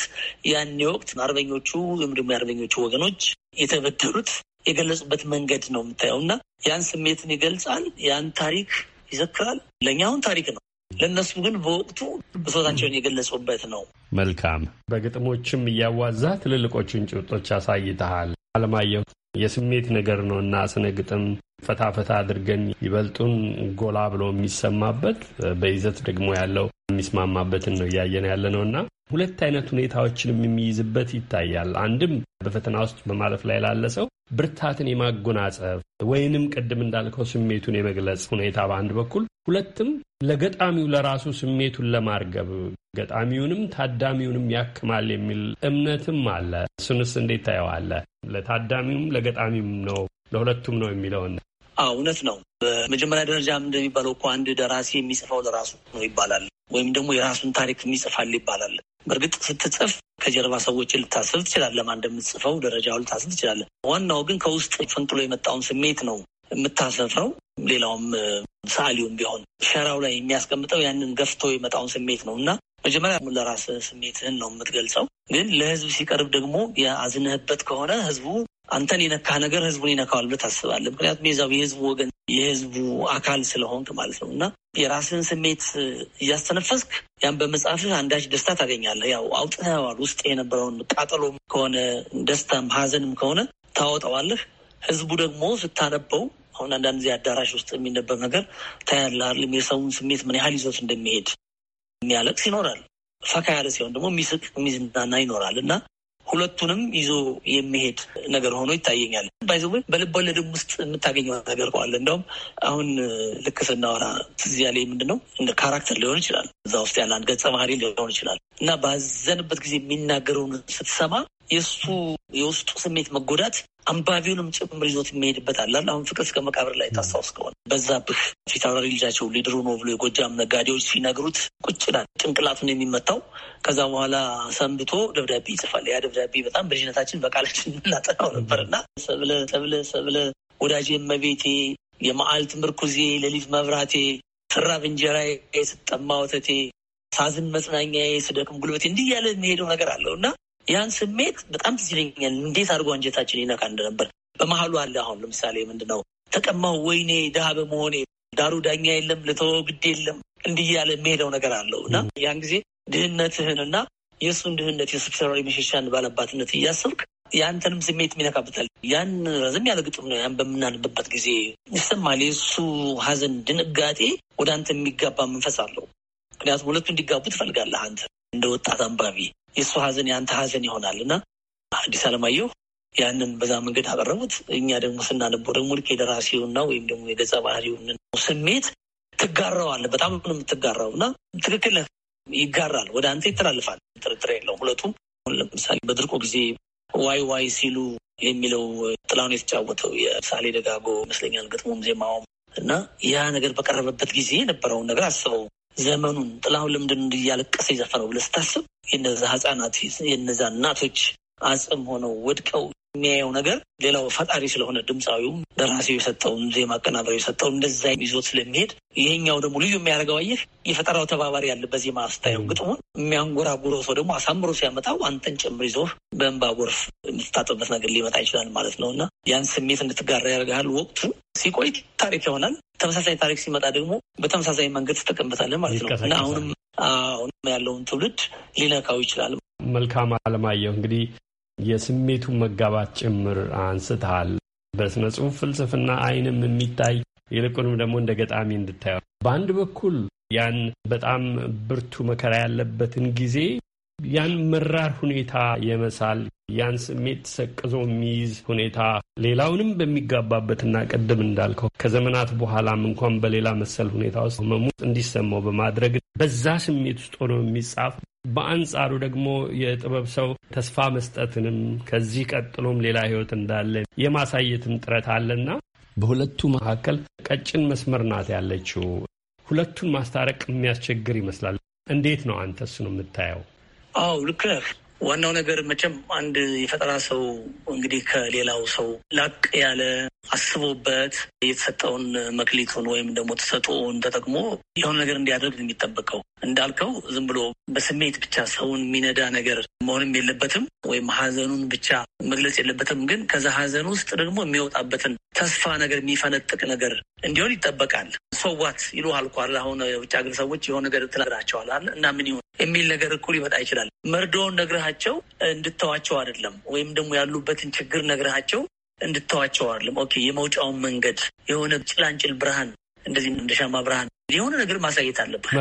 ያን ወቅት አርበኞቹ ወይም ደግሞ የአርበኞቹ ወገኖች የተበደሉት የገለጹበት መንገድ ነው የምታየው እና ያን ስሜትን ይገልጻል። ያን ታሪክ ይዘክራል። ለእኛ አሁን ታሪክ ነው፣ ለእነሱ ግን በወቅቱ ብሶታቸውን የገለጹበት ነው። መልካም በግጥሞችም እያዋዛ ትልልቆቹን ጭብጦች አሳይተሃል አለማየሁ። የስሜት ነገር ነው እና ስነ ግጥም ፈታፈታ አድርገን ይበልጡን ጎላ ብሎ የሚሰማበት በይዘት ደግሞ ያለው የሚስማማበትን ነው እያየን ያለ ነው እና ሁለት አይነት ሁኔታዎችንም የሚይዝበት ይታያል። አንድም በፈተና ውስጥ በማለፍ ላይ ላለ ሰው ብርታትን የማጎናጸፍ ወይንም ቅድም እንዳልከው ስሜቱን የመግለጽ ሁኔታ በአንድ በኩል፣ ሁለትም ለገጣሚው ለራሱ ስሜቱን ለማርገብ ገጣሚውንም ታዳሚውንም ያክማል የሚል እምነትም አለ። እሱንስ እንዴት ታየዋለህ? ለታዳሚውም ለገጣሚውም ነው ለሁለቱም ነው የሚለውን እውነት ነው። በመጀመሪያ ደረጃ እንደሚባለው እኮ አንድ ደራሲ የሚጽፈው ለራሱ ነው ይባላል፣ ወይም ደግሞ የራሱን ታሪክ የሚጽፋል ይባላል። በእርግጥ ስትጽፍ ከጀርባ ሰዎችን ልታስብ ትችላለ፣ ማን እንደምትጽፈው ደረጃው ልታስብ ትችላለ። ዋናው ግን ከውስጥ ፈንቅሎ የመጣውን ስሜት ነው የምታሰፍረው። ሌላውም ሰዓሊውም ቢሆን ሸራው ላይ የሚያስቀምጠው ያንን ገፍቶ የመጣውን ስሜት ነው እና መጀመሪያ ለራስ ስሜትህን ነው የምትገልጸው። ግን ለህዝብ ሲቀርብ ደግሞ የአዝነህበት ከሆነ ህዝቡ አንተን የነካ ነገር ህዝቡን ይነካዋል ብለህ ታስባለህ። ምክንያቱም የዛው የህዝቡ ወገን የህዝቡ አካል ስለሆንክ ማለት ነው እና የራስህን ስሜት እያስተነፈስክ ያን በመጽሐፍህ አንዳች ደስታ ታገኛለህ። ያው አውጥተዋል ውስጥ የነበረውን ቃጠሎም ከሆነ ደስታም ሀዘንም ከሆነ ታወጠዋለህ። ህዝቡ ደግሞ ስታነበው አሁን አንዳንድ ጊዜ አዳራሽ ውስጥ የሚነበብ ነገር ታያለህ የሚል የሰውን ስሜት ምን ያህል ይዞት እንደሚሄድ የሚያለቅስ ይኖራል። ፈካ ያለ ሲሆን ደግሞ የሚስቅ የሚዝናና ይኖራል እና ሁለቱንም ይዞ የሚሄድ ነገር ሆኖ ይታየኛል። ባይዘ በልብወለድም ውስጥ የምታገኘው ነገር ከዋለ እንደውም አሁን ልክ ስናወራ ትዝ ያለኝ ምንድን ነው እንደ ካራክተር ሊሆን ይችላል እዛ ውስጥ ያለ አንድ ገጸ ባህሪ ሊሆን ይችላል እና ባዘንበት ጊዜ የሚናገረውን ስትሰማ የእሱ የውስጡ ስሜት መጎዳት አንባቢውንም ጭምር ይዞት የሚሄድበት አላል። አሁን ፍቅር እስከ መቃብር ላይ ታስታውስ ከሆነ በዛ ብህ አውራሪ ልጃቸው ሊድሩ ነው ብሎ የጎጃም ነጋዴዎች ሲነግሩት ቁጭ ይላል። ጭንቅላቱን የሚመታው ከዛ በኋላ ሰንብቶ ደብዳቤ ይጽፋል። ያ ደብዳቤ በጣም በልጅነታችን በቃላችን የምናጠናው ነበር እና ሰብለ ሰብለ ሰብለ ወዳጅ የመቤቴ የመዓልት ምርኩዜ፣ ሌሊት መብራቴ፣ ስራብ እንጀራዬ፣ ስጠማ ወተቴ ሳዝን መጽናኛዬ ስደክም ጉልበቴ እንዲህ እያለ የሚሄደው ነገር አለው እና ያን ስሜት በጣም ትዝ ይለኛል። እንዴት አድርጎ አንጀታችን ይነካ እንደነበር በመሀሉ አለ። አሁን ለምሳሌ ምንድነው ተቀማው፣ ወይኔ ድሃ በመሆኔ ዳሩ ዳኛ የለም ልተወው ግድ የለም እንዲህ እያለ የሚሄደው ነገር አለው እና ያን ጊዜ ድህነትህን እና የእሱን ድህነት የስብሰራዊ መሸሻን ባለባትነት እያሰብክ የአንተንም ስሜት የሚነካበታል። ያን ረዘም ያለ ግጥም ነው። ያን በምናንብበት ጊዜ ይሰማል። የእሱ ሀዘን ድንጋጤ ወደ አንተ የሚጋባ መንፈስ አለው። ምክንያቱም ሁለቱ እንዲጋቡ ትፈልጋለህ አንተ እንደ ወጣት አንባቢ የእሱ ሀዘን የአንተ ሀዘን ይሆናል እና አዲስ ዓለማየሁ ያንን በዛ መንገድ አቀረቡት። እኛ ደግሞ ስናነበው ደግሞ ልክ የደራሲውና ወይም ደግሞ የገጸ ባህሪውን ስሜት ትጋራዋል። በጣም ነው የምትጋራው እና ትክክል ይጋራል፣ ወደ አንተ ይተላልፋል። ጥርጥር የለውም። ሁለቱም ለምሳሌ በድርቆ ጊዜ ዋይ ዋይ ሲሉ የሚለው ጥላውን የተጫወተው የሳሌ ደጋጎ ይመስለኛል ግጥሙም ዜማውም እና ያ ነገር በቀረበበት ጊዜ የነበረውን ነገር አስበው ዘመኑን ጥላሁን ለምንድን እንዲያለቀሰ የዘፈነው ብለህ ስታስብ የነዛ ህጻናት የነዛ እናቶች አጽም ሆነው ወድቀው የሚያየው ነገር ሌላው ፈጣሪ ስለሆነ ድምፃዊው ደራሲው የሰጠውን ዜማ አቀናበሪ የሰጠውን እንደዛ ይዞት ስለሚሄድ ይሄኛው ደግሞ ልዩ የሚያደርገው አየህ የፈጠራው ተባባሪ ያለ ዜማ ስታየው ግጥሙን የሚያንጎራጉረው ሰው ደግሞ አሳምሮ ሲያመጣው አንተን ጭምር ይዞ በእንባ ጎርፍ የምትታጠበት ነገር ሊመጣ ይችላል ማለት ነው እና ያን ስሜት እንድትጋራ ያደርግሃል። ወቅቱ ሲቆይ ታሪክ ይሆናል። ተመሳሳይ ታሪክ ሲመጣ ደግሞ በተመሳሳይ መንገድ ትጠቀምበታለን ማለት ነው እና አሁንም አሁንም ያለውን ትውልድ ሊነካው ይችላል። መልካም አለማየሁ እንግዲህ የስሜቱ መጋባት ጭምር አንስተሃል። በስነ ጽሁፍ ፍልስፍና አይንም የሚታይ ይልቁንም ደግሞ እንደ ገጣሚ እንድታየው በአንድ በኩል ያን በጣም ብርቱ መከራ ያለበትን ጊዜ ያን መራር ሁኔታ የመሳል ያን ስሜት ሰቅዞ የሚይዝ ሁኔታ ሌላውንም በሚጋባበትና ቅድም እንዳልከው ከዘመናት በኋላም እንኳን በሌላ መሰል ሁኔታ ውስጥ ህመሙ እንዲሰማው በማድረግ በዛ ስሜት ውስጥ ሆኖ የሚጻፍ በአንጻሩ ደግሞ የጥበብ ሰው ተስፋ መስጠትንም ከዚህ ቀጥሎም ሌላ ህይወት እንዳለ የማሳየትም ጥረት አለና በሁለቱ መካከል ቀጭን መስመር ናት ያለችው። ሁለቱን ማስታረቅ የሚያስቸግር ይመስላል። እንዴት ነው አንተስ ነው የምታየው? አው ልክ ነህ። ዋናው ነገር መቼም አንድ የፈጠራ ሰው እንግዲህ ከሌላው ሰው ላቅ ያለ አስቦበት የተሰጠውን መክሊቱን ወይም ደግሞ ተሰጥኦውን ተጠቅሞ የሆነ ነገር እንዲያደርግ የሚጠበቀው እንዳልከው ዝም ብሎ በስሜት ብቻ ሰውን የሚነዳ ነገር መሆንም የለበትም፣ ወይም ሀዘኑን ብቻ መግለጽ የለበትም። ግን ከዛ ሀዘን ውስጥ ደግሞ የሚወጣበትን ተስፋ ነገር የሚፈነጥቅ ነገር እንዲሆን ይጠበቃል። ሰዋት ይሉሃል እኮ አሁን የውጭ ሀገር ሰዎች የሆነ ነገር ትነግራቸዋል እና ምን ይሆን የሚል ነገር እኩል ሊመጣ ይችላል። መርዶውን ነግረሃቸው እንድተዋቸው አይደለም፣ ወይም ደግሞ ያሉበትን ችግር ነግረሃቸው እንድተዋቸው አይደለም። ኦኬ የመውጫውን መንገድ የሆነ ጭላንጭል ብርሃን፣ እንደዚህ እንደ ሻማ ብርሃን የሆነ ነገር ማሳየት አለብህ፣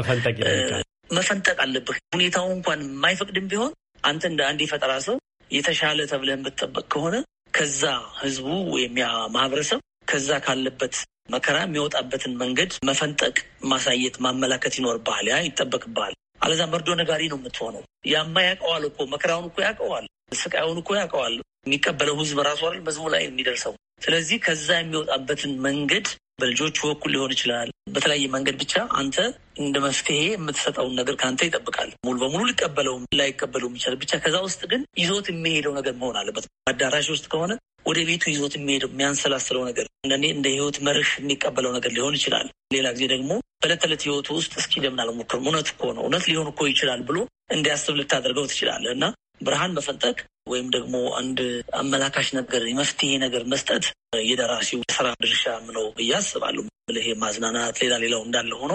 መፈንጠቅ አለብህ። ሁኔታው እንኳን የማይፈቅድም ቢሆን አንተ እንደ አንድ የፈጠራ ሰው የተሻለ ተብለህ የምትጠበቅ ከሆነ ከዛ ህዝቡ ወይም ያ ማህበረሰብ ከዛ ካለበት መከራ የሚወጣበትን መንገድ መፈንጠቅ፣ ማሳየት፣ ማመላከት ይኖርብሃል። ያ ይጠበቅብሃል። አለዛ መርዶ ነጋሪ ነው የምትሆነው። ያማ ያውቀዋል እኮ መከራውን እኮ ያውቀዋል፣ ስቃዩን እኮ ያውቀዋል። የሚቀበለው ህዝብ ራሱ አይደል መዝሙ ላይ የሚደርሰው። ስለዚህ ከዛ የሚወጣበትን መንገድ በልጆቹ በኩል ሊሆን ይችላል፣ በተለያየ መንገድ ብቻ አንተ እንደ መፍትሄ የምትሰጠውን ነገር ከአንተ ይጠብቃል። ሙሉ በሙሉ ሊቀበለውም ላይቀበለው ይችላል። ብቻ ከዛ ውስጥ ግን ይዞት የሚሄደው ነገር መሆን አለበት። አዳራሽ ውስጥ ከሆነ ወደ ቤቱ ይዞት የሚሄደው የሚያንሰላስለው ነገር አንዳንዴ እንደ ህይወት መርህ የሚቀበለው ነገር ሊሆን ይችላል። ሌላ ጊዜ ደግሞ በዕለት ተዕለት ህይወቱ ውስጥ እስኪ ለምን አልሞክርም እውነት እኮ ነው እውነት ሊሆን እኮ ይችላል ብሎ እንዲያስብ ልታደርገው ትችላለህ እና ብርሃን መፈንጠቅ ወይም ደግሞ አንድ አመላካሽ ነገር የመፍትሄ ነገር መስጠት የደራሲው ስራ ድርሻ ምነው ብዬ አስባለሁ። ይሄ ማዝናናት ሌላ ሌላው እንዳለ ሆኖ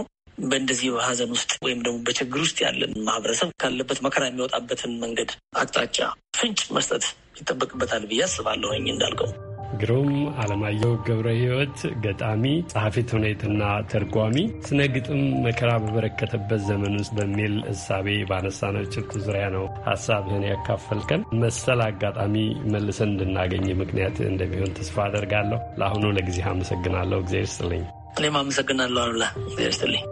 በእንደዚህ በሀዘን ውስጥ ወይም ደግሞ በችግር ውስጥ ያለን ማህበረሰብ ካለበት መከራ የሚወጣበትን መንገድ አቅጣጫ ፍንጭ መስጠት ይጠበቅበታል ብዬ አስባለሁኝ። እንዳልከው ግሩም አለማየሁ ገብረ ህይወት ገጣሚ፣ ጸሐፊ ተውኔትና ተርጓሚ፣ ስነ ግጥም መከራ በበረከተበት ዘመን ውስጥ በሚል እሳቤ ባነሳነው ጭብጥ ዙሪያ ነው ሀሳብህን ያካፈልከን። መሰል አጋጣሚ መልሰን እንድናገኝ ምክንያት እንደሚሆን ተስፋ አደርጋለሁ። ለአሁኑ ለጊዜህ አመሰግናለሁ። እግዚአብሔር ይስጥልኝ። እኔም አመሰግናለሁ አሉላ። እግዚአብሔር ይስጥልኝ።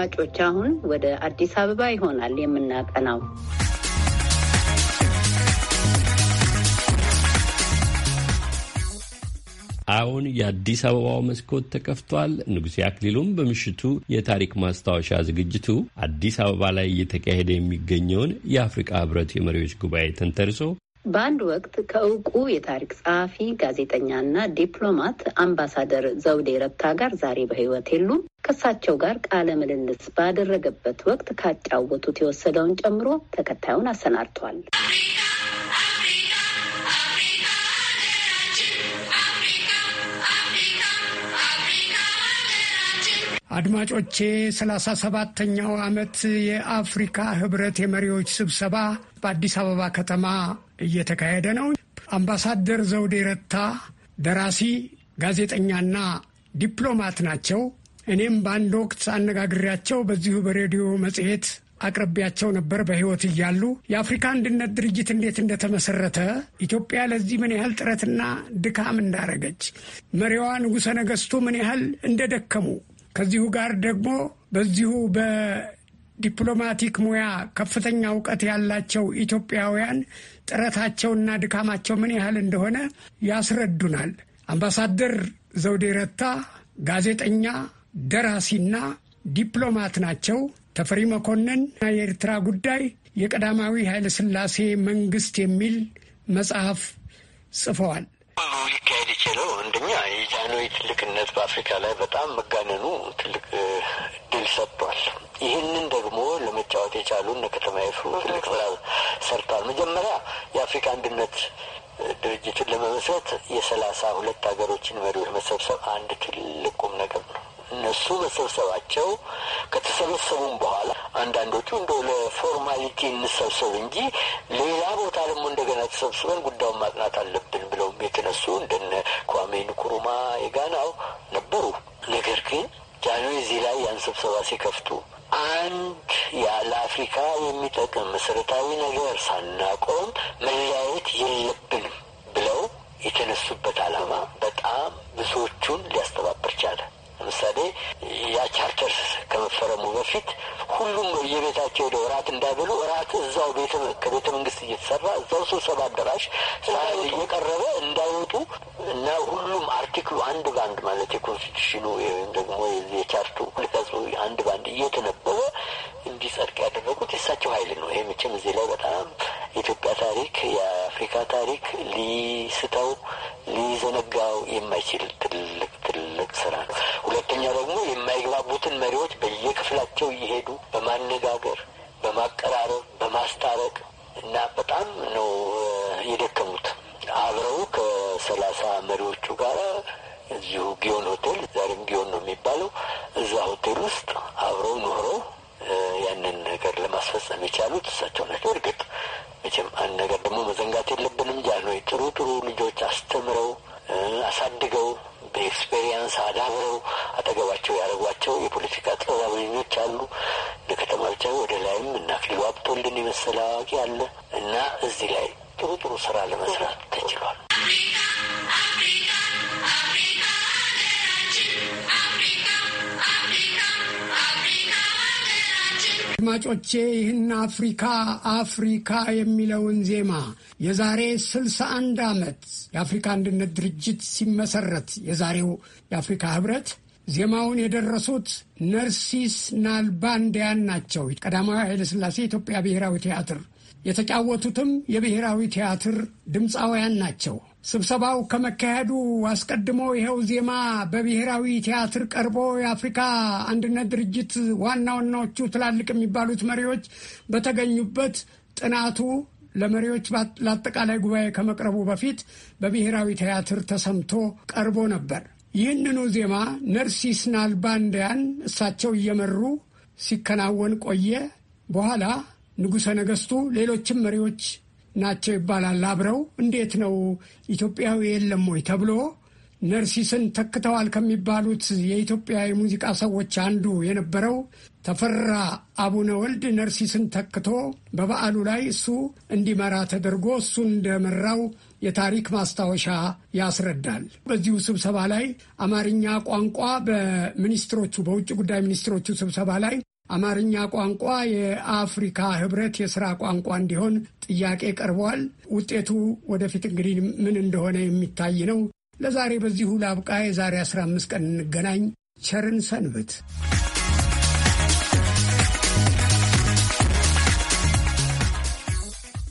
አድማጮች፣ አሁን ወደ አዲስ አበባ ይሆናል የምናቀናው። አሁን የአዲስ አበባው መስኮት ተከፍቷል። ንጉሴ አክሊሉም በምሽቱ የታሪክ ማስታወሻ ዝግጅቱ አዲስ አበባ ላይ እየተካሄደ የሚገኘውን የአፍሪቃ ህብረት የመሪዎች ጉባኤ ተንተርሶ በአንድ ወቅት ከእውቁ የታሪክ ጸሐፊ ጋዜጠኛና ዲፕሎማት አምባሳደር ዘውዴ ረታ ጋር ዛሬ በሕይወት የሉም። ከእሳቸው ጋር ቃለ ምልልስ ባደረገበት ወቅት ካጫወቱት የወሰደውን ጨምሮ ተከታዩን አሰናድቷል። አድማጮቼ ሰላሳ ሰባተኛው ዓመት የአፍሪካ ህብረት የመሪዎች ስብሰባ በአዲስ አበባ ከተማ እየተካሄደ ነው። አምባሳደር ዘውዴ ረታ ደራሲ ጋዜጠኛና ዲፕሎማት ናቸው። እኔም በአንድ ወቅት አነጋግሬያቸው በዚሁ በሬዲዮ መጽሔት አቅርቢያቸው ነበር። በህይወት እያሉ የአፍሪካ አንድነት ድርጅት እንዴት እንደተመሰረተ ኢትዮጵያ ለዚህ ምን ያህል ጥረትና ድካም እንዳረገች፣ መሪዋ ንጉሠ ነገሥቱ ምን ያህል እንደደከሙ ከዚሁ ጋር ደግሞ በዚሁ በዲፕሎማቲክ ሙያ ከፍተኛ እውቀት ያላቸው ኢትዮጵያውያን ጥረታቸውና ድካማቸው ምን ያህል እንደሆነ ያስረዱናል። አምባሳደር ዘውዴ ረታ ጋዜጠኛ፣ ደራሲና ዲፕሎማት ናቸው። ተፈሪ መኮንን የኤርትራ ጉዳይ የቀዳማዊ ኃይለ ሥላሴ መንግስት የሚል መጽሐፍ ጽፈዋል። ሊካሄድ የቻለው አንደኛ የጃንሆይ ትልቅነት በአፍሪካ ላይ በጣም መጋነኑ ትልቅ ድል ሰጥቷል። ይህንን ደግሞ ለመጫወት የቻሉ እነ ፍሩ ትልቅ ስራ ሰርተዋል። መጀመሪያ የአፍሪካ አንድነት ድርጅትን ለመመስረት የሰላሳ ሁለት ሀገሮችን መሪዎች መሰብሰብ አንድ ትልቅ ቁም ነገር ነው። እነሱ መሰብሰባቸው ከተሰበሰቡም በኋላ አንዳንዶቹ እንደ ለፎርማሊቲ እንሰብሰብ እንጂ ሌላ ቦታ ደግሞ እንደገና ተሰብስበን ጉዳዩን ማጥናት አለብን ብለውም የተነሱ እንደነ ኳሜ ንኩሩማ የጋናው ነበሩ። ነገር ግን ጃንሆይ እዚህ ላይ ያን ስብሰባ ሲከፍቱ አንድ ለአፍሪካ የሚጠቅም መሰረታዊ ነገር ሳናቆም መለያየት የለብንም ብለው የተነሱበት ዓላማ በጣም ብዙዎቹን ሊያስተባብር ቻለ። ለምሳሌ ያ ቻርተር ከመፈረሙ በፊት ሁሉም የቤታቸው ሄደው እራት እንዳይበሉ እራት እዛው ቤተ ከቤተ መንግስት እየተሰራ እዛው ስብሰባ አዳራሽ እየቀረበ እንዳይወጡ እና ሁሉም አርቲክሉ አንድ ባንድ ማለት የኮንስቲቱሽኑ ወይም ደግሞ የቻርቱ አንቀጹ አንድ ባንድ እየተነበበ እንዲጸድቅ ያደረጉት የእሳቸው ኃይል ነው። ይሄ መቼም እዚህ ላይ በጣም የኢትዮጵያ ታሪክ የአፍሪካ ታሪክ ሊስተው ሊዘነጋው የማይችል ትልቅ ትልቅ ስራ ነው። ሁለተኛ ደግሞ የማይግባቡትን መሪዎች በየክፍላቸው እየሄዱ በማነጋገር በማቀራረብ፣ በማስታረቅ እና አድማጮቼ ይህን አፍሪካ አፍሪካ የሚለውን ዜማ የዛሬ 61 ዓመት የአፍሪካ አንድነት ድርጅት ሲመሰረት የዛሬው የአፍሪካ ህብረት ዜማውን የደረሱት ነርሲስ ናልባንዲያን ናቸው። ቀዳማዊ ኃይለሥላሴ ኢትዮጵያ ብሔራዊ ቲያትር የተጫወቱትም የብሔራዊ ቲያትር ድምፃውያን ናቸው። ስብሰባው ከመካሄዱ አስቀድሞ ይኸው ዜማ በብሔራዊ ቲያትር ቀርቦ የአፍሪካ አንድነት ድርጅት ዋና ዋናዎቹ ትላልቅ የሚባሉት መሪዎች በተገኙበት ጥናቱ ለመሪዎች ለአጠቃላይ ጉባኤ ከመቅረቡ በፊት በብሔራዊ ቲያትር ተሰምቶ ቀርቦ ነበር። ይህንኑ ዜማ ነርሲስ ናልባንዲያን እሳቸው እየመሩ ሲከናወን ቆየ። በኋላ ንጉሠ ነገሥቱ ሌሎችም መሪዎች ናቸው ይባላል። አብረው እንዴት ነው ኢትዮጵያዊ የለም ወይ ተብሎ ነርሲስን ተክተዋል ከሚባሉት የኢትዮጵያ የሙዚቃ ሰዎች አንዱ የነበረው ተፈራ አቡነ ወልድ ነርሲስን ተክቶ በበዓሉ ላይ እሱ እንዲመራ ተደርጎ እሱ እንደመራው የታሪክ ማስታወሻ ያስረዳል። በዚሁ ስብሰባ ላይ አማርኛ ቋንቋ በሚኒስትሮቹ በውጭ ጉዳይ ሚኒስትሮቹ ስብሰባ ላይ አማርኛ ቋንቋ የአፍሪካ ህብረት የስራ ቋንቋ እንዲሆን ጥያቄ ቀርቧል። ውጤቱ ወደፊት እንግዲህ ምን እንደሆነ የሚታይ ነው። ለዛሬ በዚሁ ላብቃ። የዛሬ 15 ቀን እንገናኝ። ቸርን ሰንብት።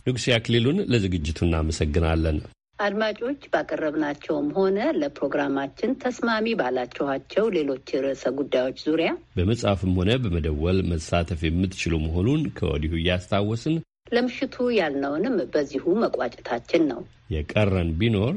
ንጉሴ አክሊሉን ለዝግጅቱ እናመሰግናለን። አድማጮች ባቀረብናቸውም ሆነ ለፕሮግራማችን ተስማሚ ባላችኋቸው ሌሎች ርዕሰ ጉዳዮች ዙሪያ በመጻፍም ሆነ በመደወል መሳተፍ የምትችሉ መሆኑን ከወዲሁ እያስታወስን ለምሽቱ ያልነውንም በዚሁ መቋጨታችን ነው። የቀረን ቢኖር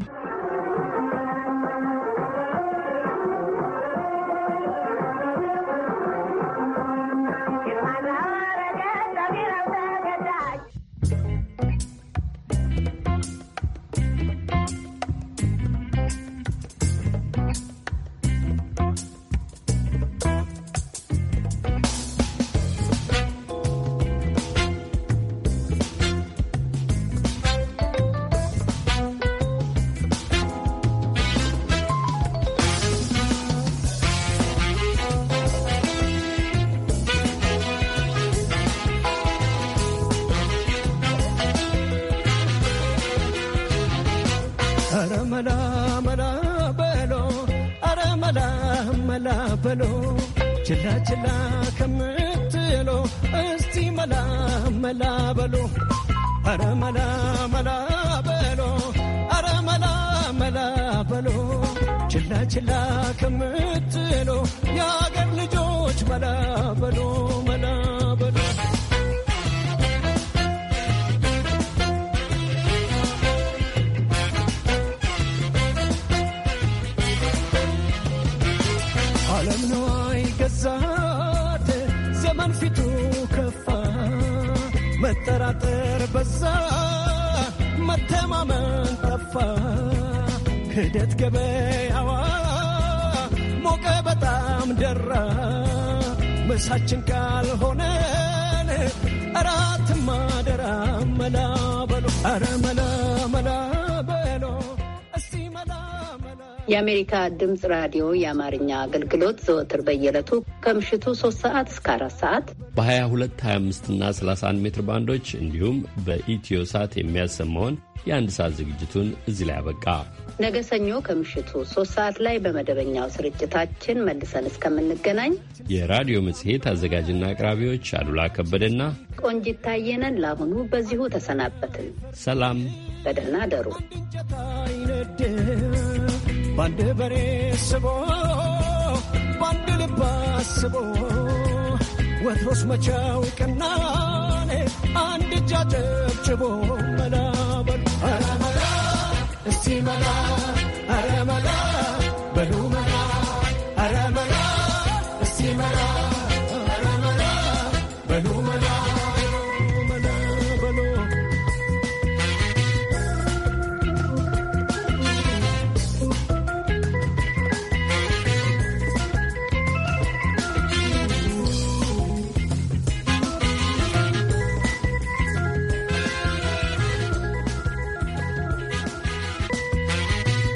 ክህደት ገበያዋ ሞቀ በጣም ደራ መሳችን ካልሆነን አራት ማደራ መላ በሎ አረ መላ መላ በሎ እስቲ መላ የአሜሪካ ድምፅ ራዲዮ የአማርኛ አገልግሎት ዘወትር በየዕለቱ ከምሽቱ 3 ሰዓት እስከ 4 ሰዓት በ22፣ 25 እና 31 ሜትር ባንዶች እንዲሁም በኢትዮ ሳት የሚያሰማውን የአንድ ሰዓት ዝግጅቱን እዚህ ላይ አበቃ። ነገ ሰኞ ከምሽቱ ሶስት ሰዓት ላይ በመደበኛው ስርጭታችን መልሰን እስከምንገናኝ የራዲዮ መጽሔት አዘጋጅና አቅራቢዎች አሉላ ከበደና ቆንጂት ታየ ለአሁኑ በዚሁ ተሰናበትን። ሰላም፣ በደህና ደሩ። ባንድ በሬ ስቦ ባንድ ወትሮስ መቻውቅና አንድ እጃ ጨብጭቦ Simala, Aramala.